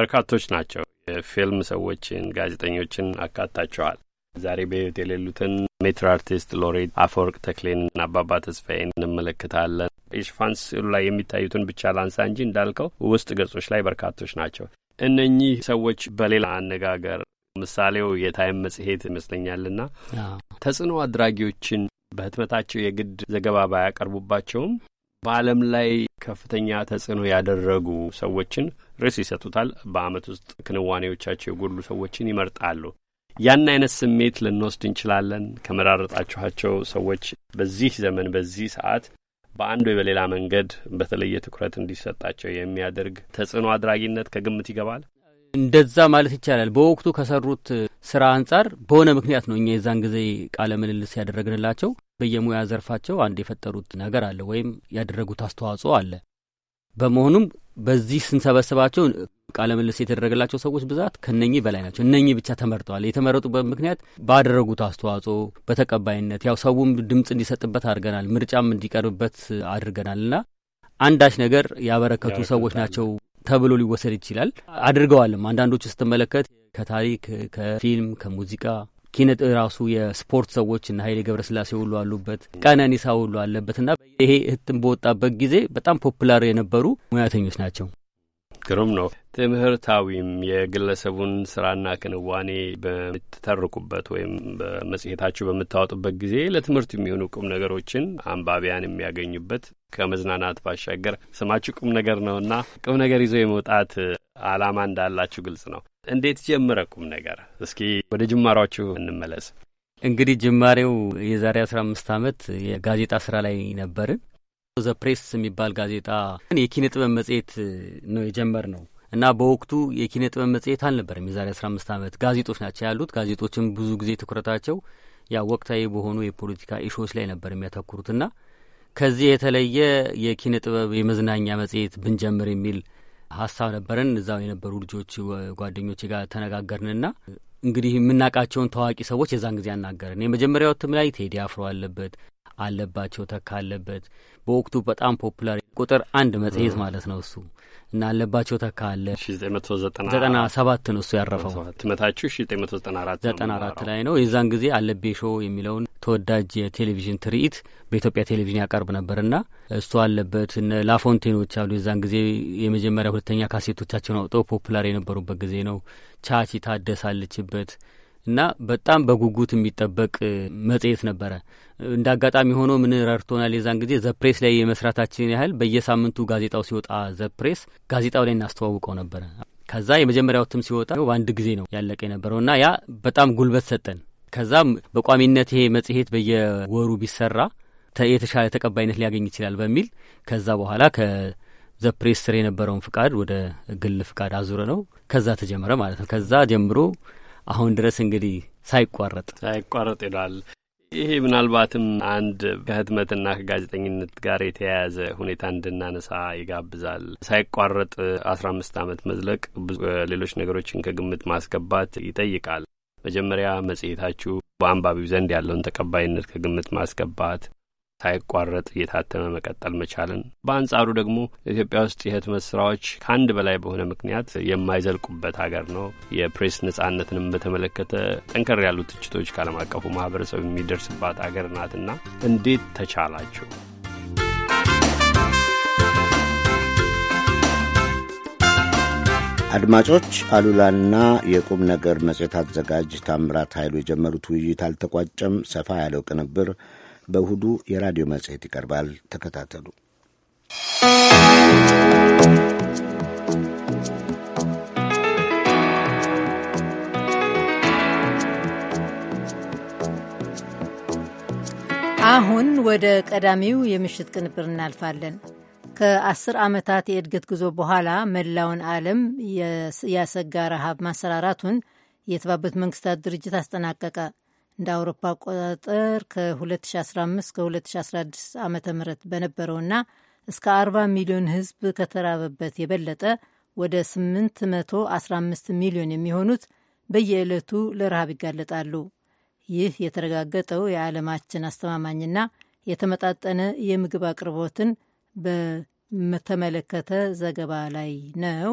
Speaker 5: በርካቶች ናቸው። የፊልም ሰዎችን፣ ጋዜጠኞችን አካታቸዋል። ዛሬ በህይወት የሌሉትን ሜትር አርቲስት ሎሬት አፈወርቅ ተክሌን፣ አባባ ተስፋዬን እንመለከታለን። የሽፋን ስዕሉ ላይ የሚታዩትን ብቻ ላንሳ እንጂ እንዳልከው ውስጥ ገጾች ላይ በርካቶች ናቸው እነኚህ ሰዎች። በሌላ አነጋገር ምሳሌው የታይም መጽሔት ይመስለኛልና ተጽዕኖ አድራጊዎችን በህትመታቸው የግድ ዘገባ ባያቀርቡባቸውም በዓለም ላይ ከፍተኛ ተጽዕኖ ያደረጉ ሰዎችን ርዕስ ይሰጡታል። በአመት ውስጥ ክንዋኔዎቻቸው የጎሉ ሰዎችን ይመርጣሉ። ያን አይነት ስሜት ልንወስድ እንችላለን። ከመራረጣችኋቸው ሰዎች በዚህ ዘመን በዚህ ሰዓት በአንድ ወይ በሌላ መንገድ በተለየ ትኩረት እንዲሰጣቸው የሚያደርግ ተጽዕኖ አድራጊነት ከግምት ይገባል።
Speaker 6: እንደዛ ማለት ይቻላል። በወቅቱ ከሰሩት ስራ አንጻር በሆነ ምክንያት ነው እኛ የዛን ጊዜ ቃለ ምልልስ ያደረግንላቸው። በየሙያ ዘርፋቸው አንድ የፈጠሩት ነገር አለ ወይም ያደረጉት አስተዋጽኦ አለ። በመሆኑም በዚህ ስንሰበስባቸው ቃለ ምልልስ የተደረገላቸው ሰዎች ብዛት ከነኚህ በላይ ናቸው። እነኚህ ብቻ ተመርጠዋል። የተመረጡበት ምክንያት ባደረጉት አስተዋጽኦ፣ በተቀባይነት ያው ሰውም ድምፅ እንዲሰጥበት አድርገናል። ምርጫም እንዲቀርብበት አድርገናል እና አንዳች ነገር ያበረከቱ ሰዎች ናቸው ተብሎ ሊወሰድ ይችላል። አድርገዋልም። አንዳንዶቹ ስትመለከት ከታሪክ፣ ከፊልም፣ ከሙዚቃ ኪነት ራሱ የስፖርት ሰዎች እና ኃይሌ ገብረስላሴ ሁሉ አሉበት፣ ቀነኒሳ ሁሉ አለበት እና ይሄ ህትም በወጣበት ጊዜ በጣም ፖፑላር የነበሩ ሙያተኞች ናቸው።
Speaker 5: ግሩም ነው። ትምህርታዊም የግለሰቡን ስራና ክንዋኔ በምትተርኩበት ወይም በመጽሔታችሁ በምታወጡበት ጊዜ ለትምህርት የሚሆኑ ቁም ነገሮችን አንባቢያን የሚያገኙበት ከመዝናናት ባሻገር ስማችሁ ቁም ነገር ነውና ቁም ነገር ይዞ የመውጣት አላማ እንዳላችሁ ግልጽ ነው። እንዴት ጀመረ ቁም ነገር? እስኪ ወደ ጅማሯችሁ እንመለስ። እንግዲህ ጅማሬው የዛሬ አስራ አምስት አመት የጋዜጣ ስራ ላይ ነበርን።
Speaker 6: ዘ ፕሬስ የሚባል ጋዜጣ የኪነ ጥበብ መጽሄት ነው የጀመር ነው እና በወቅቱ የኪነ ጥበብ መጽሄት አልነበረም። የዛሬ አስራ አምስት አመት ጋዜጦች ናቸው ያሉት። ጋዜጦችም ብዙ ጊዜ ትኩረታቸው ያ ወቅታዊ በሆኑ የፖለቲካ ኢሾዎች ላይ ነበር የሚያተኩሩት ና ከዚህ የተለየ የኪነ ጥበብ የመዝናኛ መጽሄት ብንጀምር የሚል ሀሳብ ነበረን። እዛው የነበሩ ልጆች ጓደኞች ጋር ተነጋገርንና እንግዲህ የምናውቃቸውን ታዋቂ ሰዎች የዛን ጊዜ አናገርን። የመጀመሪያው እትም ላይ ቴዲ አፍሮ አለበት፣ አለባቸው ተካ አለበት፣ በወቅቱ በጣም ፖፑላር ቁጥር አንድ መጽሄት ማለት ነው እሱ እና አለባቸው ተካለ ዘጠና ሰባት ነው እሱ ያረፈው።
Speaker 5: ሺ ዘጠኝ መቶ ዘጠና አራት
Speaker 6: ዘጠና አራት ላይ ነው። የዛን ጊዜ አለቤ ሾው የሚለውን ተወዳጅ የቴሌቪዥን ትርኢት በኢትዮጵያ ቴሌቪዥን ያቀርብ ነበርና እሱ አለበት እነ ላፎንቴኖች አሉ። የዛን ጊዜ የመጀመሪያ ሁለተኛ ካሴቶቻቸውን አውጥተው ፖፑላር የነበሩበት ጊዜ ነው። ቻቺ ታደሳለችበት እና በጣም በጉጉት የሚጠበቅ መጽሔት ነበረ። እንደ አጋጣሚ ሆኖ ምን ረድቶናል? የዛን ጊዜ ዘፕሬስ ላይ የመስራታችን ያህል በየሳምንቱ ጋዜጣው ሲወጣ ዘፕሬስ ጋዜጣው ላይ እናስተዋውቀው ነበረ። ከዛ የመጀመሪያው እትም ሲወጣ በአንድ ጊዜ ነው ያለቀ የነበረውና ያ በጣም ጉልበት ሰጠን። ከዛም በቋሚነት ይሄ መጽሔት በየወሩ ቢሰራ የተሻለ ተቀባይነት ሊያገኝ ይችላል በሚል ከዛ በኋላ ከዘፕሬስ ስር የነበረውን ፍቃድ ወደ ግል ፍቃድ አዙረ ነው ከዛ ተጀመረ ማለት ነው። ከዛ ጀምሮ አሁን ድረስ እንግዲህ ሳይቋረጥ
Speaker 5: ሳይቋረጥ ይሏል። ይሄ ምናልባትም አንድ ከህትመትና ከጋዜጠኝነት ጋር የተያያዘ ሁኔታ እንድናነሳ ይጋብዛል። ሳይቋረጥ አስራ አምስት ዓመት መዝለቅ ብዙ ሌሎች ነገሮችን ከግምት ማስገባት ይጠይቃል። መጀመሪያ መጽሔታችሁ በአንባቢው ዘንድ ያለውን ተቀባይነት ከግምት ማስገባት፣ ሳይቋረጥ እየታተመ መቀጠል መቻልን፣ በአንጻሩ ደግሞ ኢትዮጵያ ውስጥ የህትመት ስራዎች ከአንድ በላይ በሆነ ምክንያት የማይዘልቁበት ሀገር ነው። የፕሬስ ነጻነትንም በተመለከተ ጠንከር ያሉ ትችቶች ከዓለም አቀፉ ማህበረሰብ የሚደርስባት ሀገር ናትና እንዴት ተቻላችሁ?
Speaker 1: አድማጮች አሉላና የቁም ነገር መጽሔት አዘጋጅ ታምራት ኃይሉ የጀመሩት ውይይት አልተቋጨም። ሰፋ ያለው ቅንብር በእሁዱ የራዲዮ መጽሔት ይቀርባል። ተከታተሉ።
Speaker 3: አሁን ወደ ቀዳሚው የምሽት ቅንብር እናልፋለን። ከአስር ዓመታት የእድገት ጉዞ በኋላ መላውን ዓለም ያሰጋ ረሃብ ማሰራራቱን የተባበሩት መንግስታት ድርጅት አስጠናቀቀ። እንደ አውሮፓ አቆጣጠር ከ2015 እስከ 2016 ዓ ም በነበረውና እስከ 40 ሚሊዮን ህዝብ ከተራበበት የበለጠ ወደ 815 ሚሊዮን የሚሆኑት በየዕለቱ ለረሃብ ይጋለጣሉ። ይህ የተረጋገጠው የዓለማችን አስተማማኝና የተመጣጠነ የምግብ አቅርቦትን በተመለከተ ዘገባ ላይ ነው።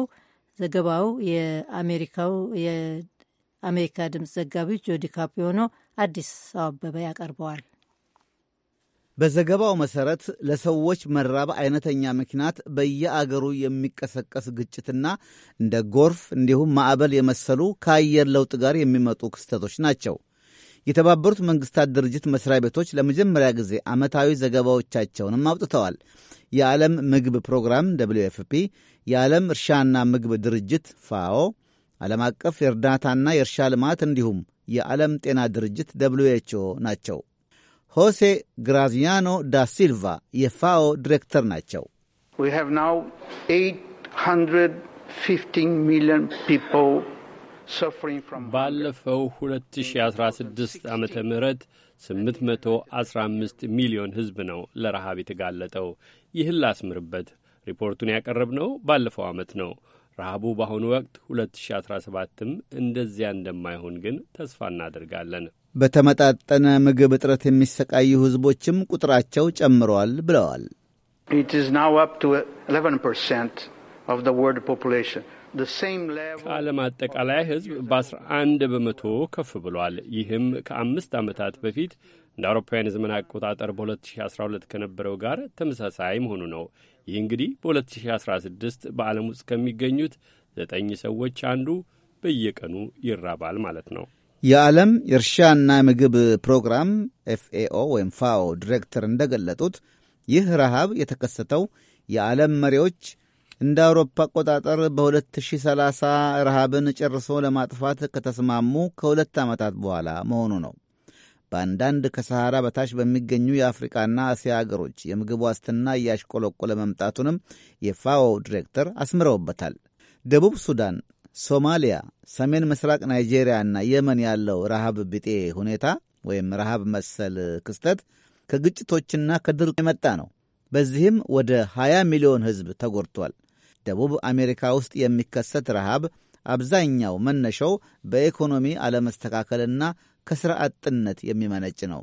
Speaker 3: ዘገባው የአሜሪካው የአሜሪካ ድምፅ ዘጋቢ ጆዲ ካፒዮኖ አዲስ አበበ ያቀርበዋል።
Speaker 15: በዘገባው መሠረት ለሰዎች መራብ አይነተኛ ምክንያት በየአገሩ የሚቀሰቀስ ግጭትና እንደ ጎርፍ እንዲሁም ማዕበል የመሰሉ ከአየር ለውጥ ጋር የሚመጡ ክስተቶች ናቸው። የተባበሩት መንግሥታት ድርጅት መሥሪያ ቤቶች ለመጀመሪያ ጊዜ ዓመታዊ ዘገባዎቻቸውንም አውጥተዋል። የዓለም ምግብ ፕሮግራም ደብልዩ ኤፍ ፒ፣ የዓለም እርሻና ምግብ ድርጅት ፋኦ፣ ዓለም አቀፍ የእርዳታና የእርሻ ልማት እንዲሁም የዓለም ጤና ድርጅት ደብልዩ ኤች ኦ ናቸው። ሆሴ ግራዚያኖ ዳ ሲልቫ የፋኦ ዲሬክተር ናቸው።
Speaker 5: ባለፈው 2016 ዓ ም 815 ሚሊዮን ሕዝብ ነው ለረሃብ የተጋለጠው። ይህን ላስምርበት። ሪፖርቱን ያቀረብነው ባለፈው ዓመት ነው። ረሃቡ በአሁኑ ወቅት 2017ም እንደዚያ እንደማይሆን ግን ተስፋ እናደርጋለን።
Speaker 15: በተመጣጠነ ምግብ እጥረት የሚሰቃዩ ሕዝቦችም ቁጥራቸው ጨምረዋል ብለዋል።
Speaker 5: ከዓለም አጠቃላይ ሕዝብ በ11 በመቶ ከፍ ብሏል። ይህም ከአምስት ዓመታት በፊት እንደ አውሮፓውያን የዘመን አቆጣጠር በ2012 ከነበረው ጋር ተመሳሳይ መሆኑ ነው። ይህ እንግዲህ በ2016 በዓለም ውስጥ ከሚገኙት ዘጠኝ ሰዎች አንዱ በየቀኑ ይራባል ማለት ነው።
Speaker 15: የዓለም የእርሻና ምግብ ፕሮግራም ኤፍኤኦ ወይም ፋኦ ዲሬክተር እንደገለጡት ይህ ረሃብ የተከሰተው የዓለም መሪዎች እንደ አውሮፓ አቆጣጠር በ2030 ረሃብን ጨርሶ ለማጥፋት ከተስማሙ ከሁለት ዓመታት በኋላ መሆኑ ነው። በአንዳንድ ከሰሃራ በታች በሚገኙ የአፍሪቃና አሲያ አገሮች የምግብ ዋስትና እያሽቆለቆለ መምጣቱንም የፋኦ ዲሬክተር አስምረውበታል። ደቡብ ሱዳን፣ ሶማሊያ፣ ሰሜን ምስራቅ ናይጄሪያና የመን ያለው ረሃብ ቢጤ ሁኔታ ወይም ረሃብ መሰል ክስተት ከግጭቶችና ከድርቅ የመጣ ነው። በዚህም ወደ 20 ሚሊዮን ሕዝብ ተጎድቷል። ደቡብ አሜሪካ ውስጥ የሚከሰት ረሃብ አብዛኛው መነሻው በኢኮኖሚ አለመስተካከልና ከሥራ አጥነት የሚመነጭ ነው።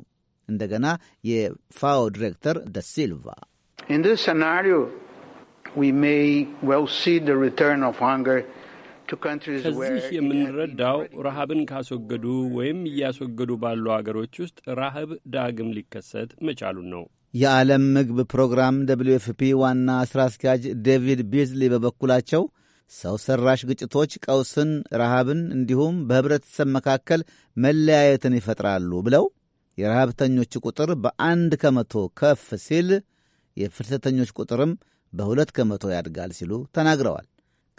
Speaker 15: እንደገና የፋኦ ዲሬክተር ደ ሲልቫ
Speaker 2: ከዚህ
Speaker 5: የምንረዳው ረሃብን ካስወገዱ ወይም እያስወገዱ ባሉ አገሮች ውስጥ ረሃብ ዳግም ሊከሰት መቻሉን ነው።
Speaker 15: የዓለም ምግብ ፕሮግራም ደብሊው ኤፍ ፒ ዋና ሥራ አስኪያጅ ዴቪድ ቢዝሊ በበኩላቸው ሰው ሰራሽ ግጭቶች ቀውስን፣ ረሃብን እንዲሁም በህብረተሰብ መካከል መለያየትን ይፈጥራሉ ብለው የረሃብተኞች ቁጥር በአንድ ከመቶ ከፍ ሲል የፍልሰተኞች ቁጥርም በሁለት ከመቶ ያድጋል ሲሉ ተናግረዋል።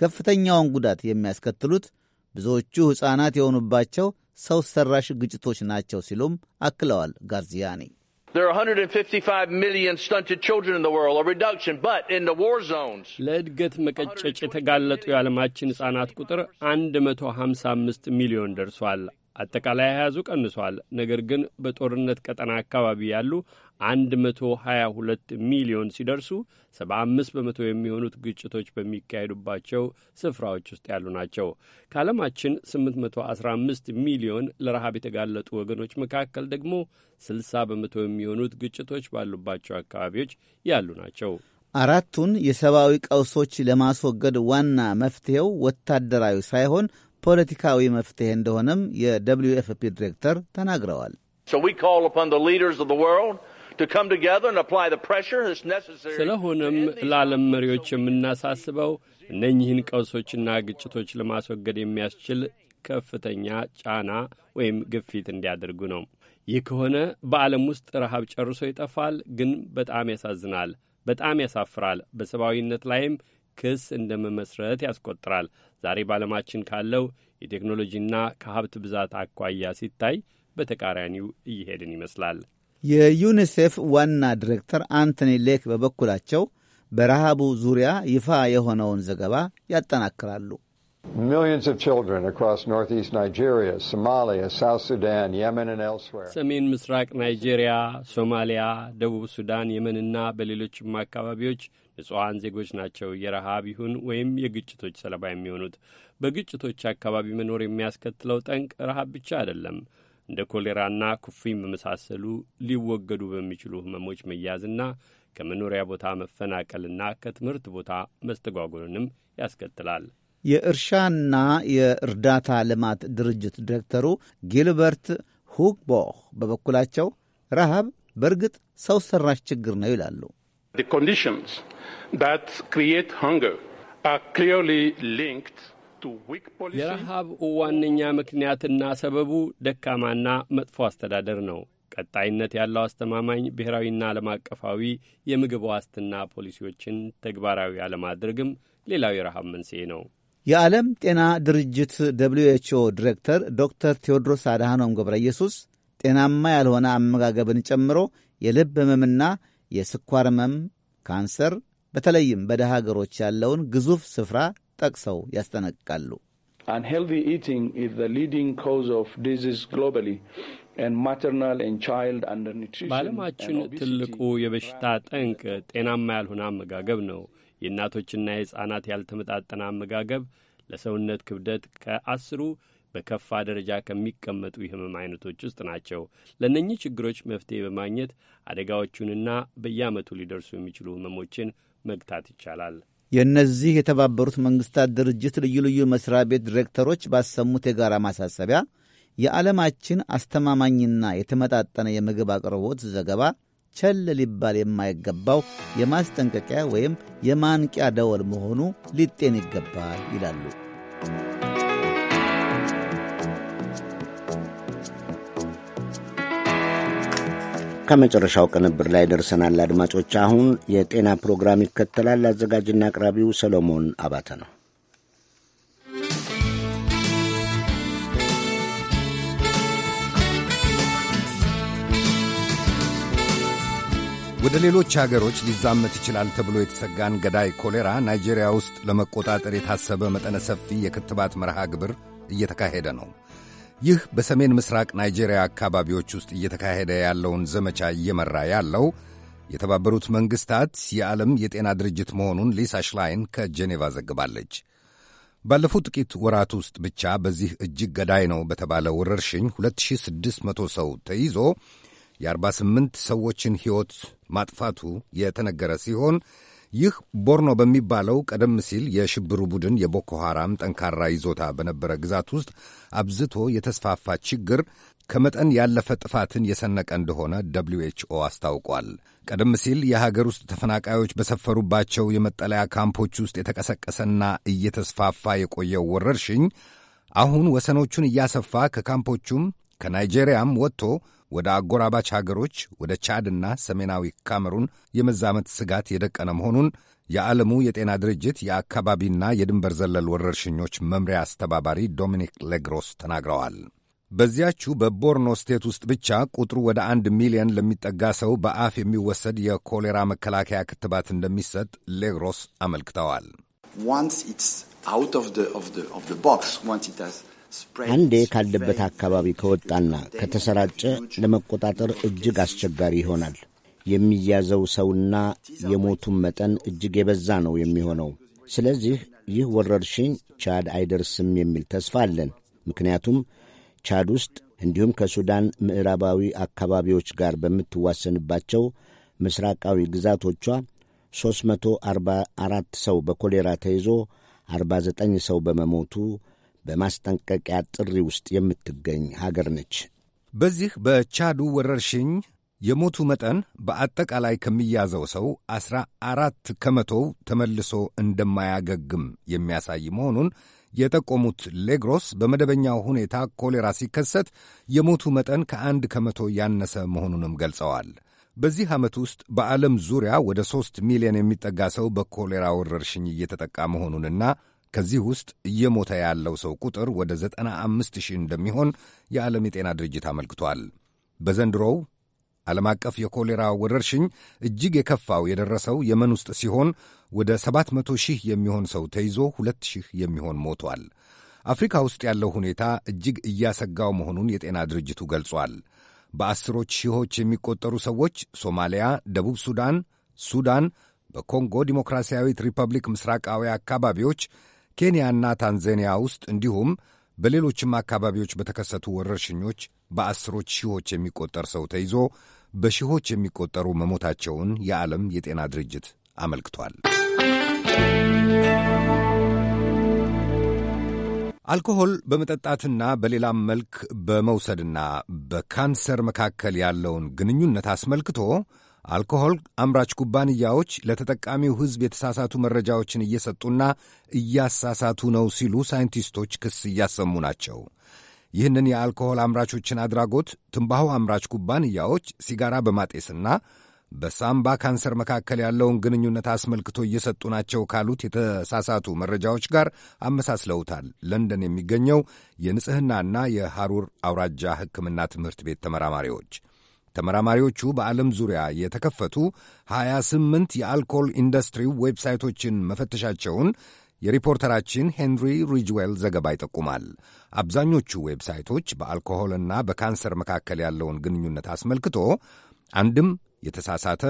Speaker 15: ከፍተኛውን ጉዳት የሚያስከትሉት ብዙዎቹ ሕፃናት የሆኑባቸው ሰው ሰራሽ ግጭቶች ናቸው ሲሉም አክለዋል ጋርዚያኒ።
Speaker 2: There are 155 million stunted children in the world, a reduction, but in the war zones.
Speaker 5: ለእድገት መቀጨጭ የተጋለጡ የዓለማችን ሕፃናት ቁጥር 155 ሚሊዮን ደርሷል። አጠቃላይ አያያዙ ቀንሷል። ነገር ግን በጦርነት ቀጠና አካባቢ ያሉ 122 ሚሊዮን ሲደርሱ 75 በመቶ የሚሆኑት ግጭቶች በሚካሄዱባቸው ስፍራዎች ውስጥ ያሉ ናቸው። ከዓለማችን 815 ሚሊዮን ለረሃብ የተጋለጡ ወገኖች መካከል ደግሞ 60 በመቶ የሚሆኑት ግጭቶች ባሉባቸው አካባቢዎች ያሉ ናቸው።
Speaker 15: አራቱን የሰብአዊ ቀውሶች ለማስወገድ ዋና መፍትሔው ወታደራዊ ሳይሆን ፖለቲካዊ መፍትሄ እንደሆነም የደብልዩ ኤፍ ፒ ዲሬክተር ተናግረዋል።
Speaker 5: ስለሆነም ለዓለም መሪዎች የምናሳስበው እነኚህን ቀውሶችና ግጭቶች ለማስወገድ የሚያስችል ከፍተኛ ጫና ወይም ግፊት እንዲያደርጉ ነው። ይህ ከሆነ በዓለም ውስጥ ረሃብ ጨርሶ ይጠፋል። ግን በጣም ያሳዝናል፣ በጣም ያሳፍራል። በሰብአዊነት ላይም ክስ እንደ መመስረት ያስቆጥራል። ዛሬ በዓለማችን ካለው የቴክኖሎጂና ከሀብት ብዛት አኳያ ሲታይ በተቃራኒው እየሄድን ይመስላል።
Speaker 15: የዩኒሴፍ ዋና ዲሬክተር አንቶኒ ሌክ በበኩላቸው በረሃቡ ዙሪያ ይፋ የሆነውን ዘገባ ያጠናክራሉ።
Speaker 5: ሰሜን ምስራቅ ናይጄሪያ፣ ሶማሊያ፣ ደቡብ ሱዳን፣ የመንና በሌሎችም አካባቢዎች ንጹሐን ዜጎች ናቸው የረሃብ ይሁን ወይም የግጭቶች ሰለባ የሚሆኑት። በግጭቶች አካባቢ መኖር የሚያስከትለው ጠንቅ ረሃብ ብቻ አይደለም። እንደ ኮሌራና ኩፍኝ በመሳሰሉ ሊወገዱ በሚችሉ ህመሞች መያዝና ከመኖሪያ ቦታ መፈናቀልና ከትምህርት ቦታ መስተጓጎልንም ያስከትላል።
Speaker 15: የእርሻና የእርዳታ ልማት ድርጅት ዲሬክተሩ ጊልበርት ሁክቦህ በበኩላቸው ረሃብ በእርግጥ ሰው ሰራሽ ችግር ነው ይላሉ።
Speaker 11: that create hunger are clearly linked የረሃብ
Speaker 5: ዋነኛ ምክንያትና ሰበቡ ደካማና መጥፎ አስተዳደር ነው። ቀጣይነት ያለው አስተማማኝ ብሔራዊና ዓለም አቀፋዊ የምግብ ዋስትና ፖሊሲዎችን ተግባራዊ አለማድረግም ሌላው የረሃብ መንስኤ ነው።
Speaker 15: የዓለም ጤና ድርጅት ደብሊው ኤች ኦ ዲሬክተር ዶክተር ቴዎድሮስ አድሃኖም ገብረ ኢየሱስ ጤናማ ያልሆነ አመጋገብን ጨምሮ የልብ ህመምና የስኳር ህመም፣ ካንሰር፣ በተለይም በደሃ ሀገሮች ያለውን ግዙፍ ስፍራ ጠቅሰው ያስጠነቅቃሉ።
Speaker 11: በዓለማችን ትልቁ
Speaker 5: የበሽታ ጠንቅ ጤናማ ያልሆነ አመጋገብ ነው። የእናቶችና የሕፃናት ያልተመጣጠነ አመጋገብ ለሰውነት ክብደት ከአስሩ በከፋ ደረጃ ከሚቀመጡ የህመም አይነቶች ውስጥ ናቸው። ለእነኚህ ችግሮች መፍትሄ በማግኘት አደጋዎቹንና በየዓመቱ ሊደርሱ የሚችሉ ህመሞችን መግታት ይቻላል።
Speaker 15: የእነዚህ የተባበሩት መንግስታት ድርጅት ልዩ ልዩ መስሪያ ቤት ዲሬክተሮች ባሰሙት የጋራ ማሳሰቢያ የዓለማችን አስተማማኝና የተመጣጠነ የምግብ አቅርቦት ዘገባ ቸል ሊባል የማይገባው የማስጠንቀቂያ ወይም የማንቂያ ደወል መሆኑ ሊጤን ይገባል ይላሉ።
Speaker 1: ከመጨረሻው ቅንብር ላይ ደርሰናል። አድማጮች፣ አሁን የጤና ፕሮግራም ይከተላል። አዘጋጅና አቅራቢው ሰሎሞን አባተ ነው።
Speaker 9: ወደ ሌሎች አገሮች ሊዛመት ይችላል ተብሎ የተሰጋን ገዳይ ኮሌራ ናይጄሪያ ውስጥ ለመቆጣጠር የታሰበ መጠነ ሰፊ የክትባት መርሃ ግብር እየተካሄደ ነው። ይህ በሰሜን ምስራቅ ናይጄሪያ አካባቢዎች ውስጥ እየተካሄደ ያለውን ዘመቻ እየመራ ያለው የተባበሩት መንግሥታት የዓለም የጤና ድርጅት መሆኑን ሊሳ ሽላይን ከጄኔቫ ዘግባለች። ባለፉት ጥቂት ወራት ውስጥ ብቻ በዚህ እጅግ ገዳይ ነው በተባለ ወረርሽኝ 2600 ሰው ተይዞ የ48 ሰዎችን ሕይወት ማጥፋቱ የተነገረ ሲሆን ይህ ቦርኖ በሚባለው ቀደም ሲል የሽብሩ ቡድን የቦኮ ሐራም ጠንካራ ይዞታ በነበረ ግዛት ውስጥ አብዝቶ የተስፋፋ ችግር ከመጠን ያለፈ ጥፋትን የሰነቀ እንደሆነ ደብሊው ኤች ኦ አስታውቋል። ቀደም ሲል የሀገር ውስጥ ተፈናቃዮች በሰፈሩባቸው የመጠለያ ካምፖች ውስጥ የተቀሰቀሰና እየተስፋፋ የቆየው ወረርሽኝ አሁን ወሰኖቹን እያሰፋ ከካምፖቹም ከናይጄሪያም ወጥቶ ወደ አጎራባች ሀገሮች ወደ ቻድና ሰሜናዊ ካሜሩን የመዛመት ስጋት የደቀነ መሆኑን የዓለሙ የጤና ድርጅት የአካባቢና የድንበር ዘለል ወረርሽኞች መምሪያ አስተባባሪ ዶሚኒክ ሌግሮስ ተናግረዋል። በዚያችው በቦርኖ ስቴት ውስጥ ብቻ ቁጥሩ ወደ አንድ ሚሊዮን ለሚጠጋ ሰው በአፍ የሚወሰድ የኮሌራ መከላከያ ክትባት እንደሚሰጥ ሌግሮስ አመልክተዋል።
Speaker 8: አንዴ ካለበት
Speaker 9: አካባቢ ከወጣና ከተሰራጨ
Speaker 1: ለመቆጣጠር እጅግ አስቸጋሪ ይሆናል። የሚያዘው ሰውና የሞቱም መጠን እጅግ የበዛ ነው የሚሆነው። ስለዚህ ይህ ወረርሽኝ ቻድ አይደርስም የሚል ተስፋ አለን። ምክንያቱም ቻድ ውስጥ እንዲሁም ከሱዳን ምዕራባዊ አካባቢዎች ጋር በምትዋሰንባቸው ምስራቃዊ ግዛቶቿ 344 ሰው በኮሌራ ተይዞ 49 ሰው በመሞቱ
Speaker 9: በማስጠንቀቂያ ጥሪ ውስጥ የምትገኝ ሀገር ነች። በዚህ በቻዱ ወረርሽኝ የሞቱ መጠን በአጠቃላይ ከሚያዘው ሰው ዐሥራ አራት ከመቶው ተመልሶ እንደማያገግም የሚያሳይ መሆኑን የጠቆሙት ሌግሮስ በመደበኛው ሁኔታ ኮሌራ ሲከሰት የሞቱ መጠን ከአንድ ከመቶ ያነሰ መሆኑንም ገልጸዋል። በዚህ ዓመት ውስጥ በዓለም ዙሪያ ወደ ሦስት ሚሊዮን የሚጠጋ ሰው በኮሌራ ወረርሽኝ እየተጠቃ መሆኑንና ከዚህ ውስጥ እየሞተ ያለው ሰው ቁጥር ወደ 95 ሺህ እንደሚሆን የዓለም የጤና ድርጅት አመልክቷል። በዘንድሮው ዓለም አቀፍ የኮሌራ ወረርሽኝ እጅግ የከፋው የደረሰው የመን ውስጥ ሲሆን ወደ 700 ሺህ የሚሆን ሰው ተይዞ 2 ሺህ የሚሆን ሞቷል። አፍሪካ ውስጥ ያለው ሁኔታ እጅግ እያሰጋው መሆኑን የጤና ድርጅቱ ገልጿል። በአስሮች ሺዎች የሚቆጠሩ ሰዎች ሶማሊያ፣ ደቡብ ሱዳን፣ ሱዳን፣ በኮንጎ ዲሞክራሲያዊት ሪፐብሊክ ምስራቃዊ አካባቢዎች ኬንያና ታንዛኒያ ውስጥ እንዲሁም በሌሎችም አካባቢዎች በተከሰቱ ወረርሽኞች በአስሮች ሺዎች የሚቆጠር ሰው ተይዞ በሺዎች የሚቆጠሩ መሞታቸውን የዓለም የጤና ድርጅት አመልክቷል። አልኮሆል በመጠጣትና በሌላም መልክ በመውሰድና በካንሰር መካከል ያለውን ግንኙነት አስመልክቶ አልኮሆል አምራች ኩባንያዎች ለተጠቃሚው ሕዝብ የተሳሳቱ መረጃዎችን እየሰጡና እያሳሳቱ ነው ሲሉ ሳይንቲስቶች ክስ እያሰሙ ናቸው። ይህንን የአልኮሆል አምራቾችን አድራጎት ትንባሆ አምራች ኩባንያዎች ሲጋራ በማጤስና በሳምባ ካንሰር መካከል ያለውን ግንኙነት አስመልክቶ እየሰጡ ናቸው ካሉት የተሳሳቱ መረጃዎች ጋር አመሳስለውታል። ለንደን የሚገኘው የንጽሕናና የሐሩር አውራጃ ሕክምና ትምህርት ቤት ተመራማሪዎች ተመራማሪዎቹ በዓለም ዙሪያ የተከፈቱ 28 የአልኮል ኢንዱስትሪ ዌብሳይቶችን መፈተሻቸውን የሪፖርተራችን ሄንሪ ሪጅዌል ዘገባ ይጠቁማል። አብዛኞቹ ዌብሳይቶች በአልኮሆልና በካንሰር መካከል ያለውን ግንኙነት አስመልክቶ አንድም የተሳሳተ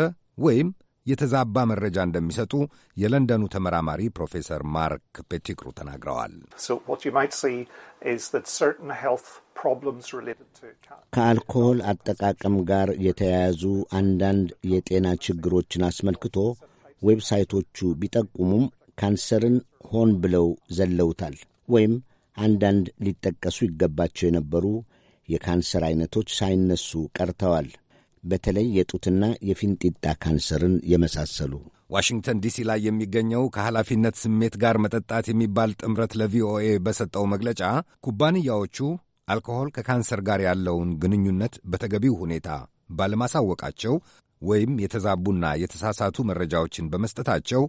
Speaker 9: ወይም የተዛባ መረጃ እንደሚሰጡ የለንደኑ ተመራማሪ ፕሮፌሰር ማርክ ፔቲክሩ ተናግረዋል። ከአልኮል
Speaker 1: አጠቃቀም ጋር የተያያዙ አንዳንድ የጤና ችግሮችን አስመልክቶ ዌብሳይቶቹ ቢጠቁሙም ካንሰርን ሆን ብለው ዘለውታል ወይም አንዳንድ ሊጠቀሱ ይገባቸው የነበሩ የካንሰር አይነቶች ሳይነሱ ቀርተዋል። በተለይ የጡትና የፊንጢጣ ካንሰርን የመሳሰሉ
Speaker 9: ዋሽንግተን ዲሲ ላይ የሚገኘው ከኃላፊነት ስሜት ጋር መጠጣት የሚባል ጥምረት ለቪኦኤ በሰጠው መግለጫ ኩባንያዎቹ አልኮሆል ከካንሰር ጋር ያለውን ግንኙነት በተገቢው ሁኔታ ባለማሳወቃቸው ወይም የተዛቡና የተሳሳቱ መረጃዎችን በመስጠታቸው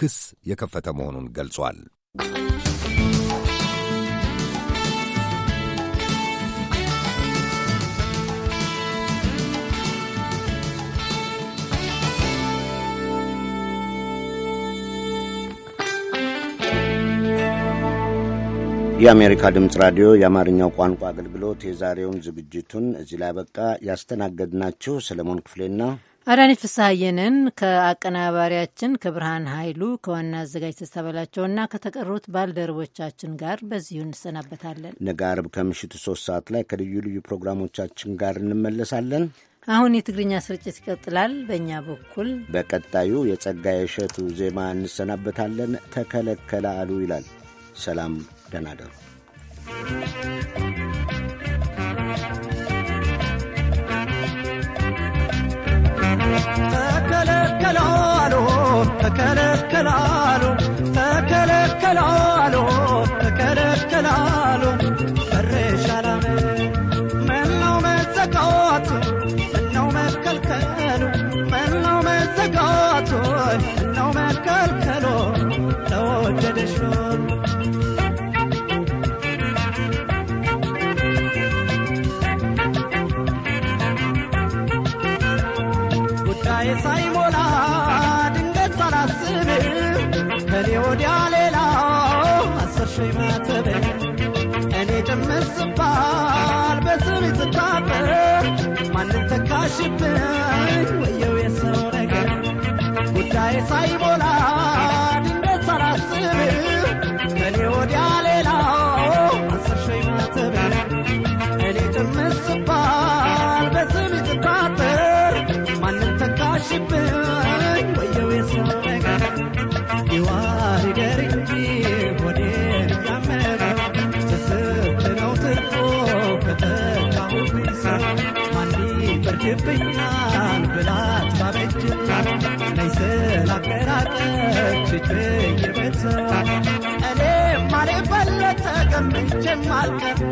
Speaker 9: ክስ የከፈተ መሆኑን ገልጿል።
Speaker 1: የአሜሪካ ድምፅ ራዲዮ የአማርኛው ቋንቋ አገልግሎት የዛሬውን ዝግጅቱን እዚህ ላይ በቃ ያስተናገድናችሁ ሰለሞን ክፍሌና
Speaker 3: አዳነች ፍስሐየንን ከአቀናባሪያችን ከብርሃን ኃይሉ ከዋና አዘጋጅ ተስተበላቸውና ከተቀሩት ባልደረቦቻችን ጋር በዚሁ እንሰናበታለን።
Speaker 1: ነገ አርብ ከምሽቱ ሶስት ሰዓት ላይ ከልዩ ልዩ ፕሮግራሞቻችን ጋር እንመለሳለን።
Speaker 3: አሁን የትግርኛ ስርጭት ይቀጥላል። በእኛ በኩል
Speaker 1: በቀጣዩ የጸጋዬ እሸቱ ዜማ እንሰናበታለን። ተከለከለ አሉ ይላል። ሰላም ደህና
Speaker 16: ተከለከላሉ ተከለከላሉ ተከለከላሉ 赛伯拉。market.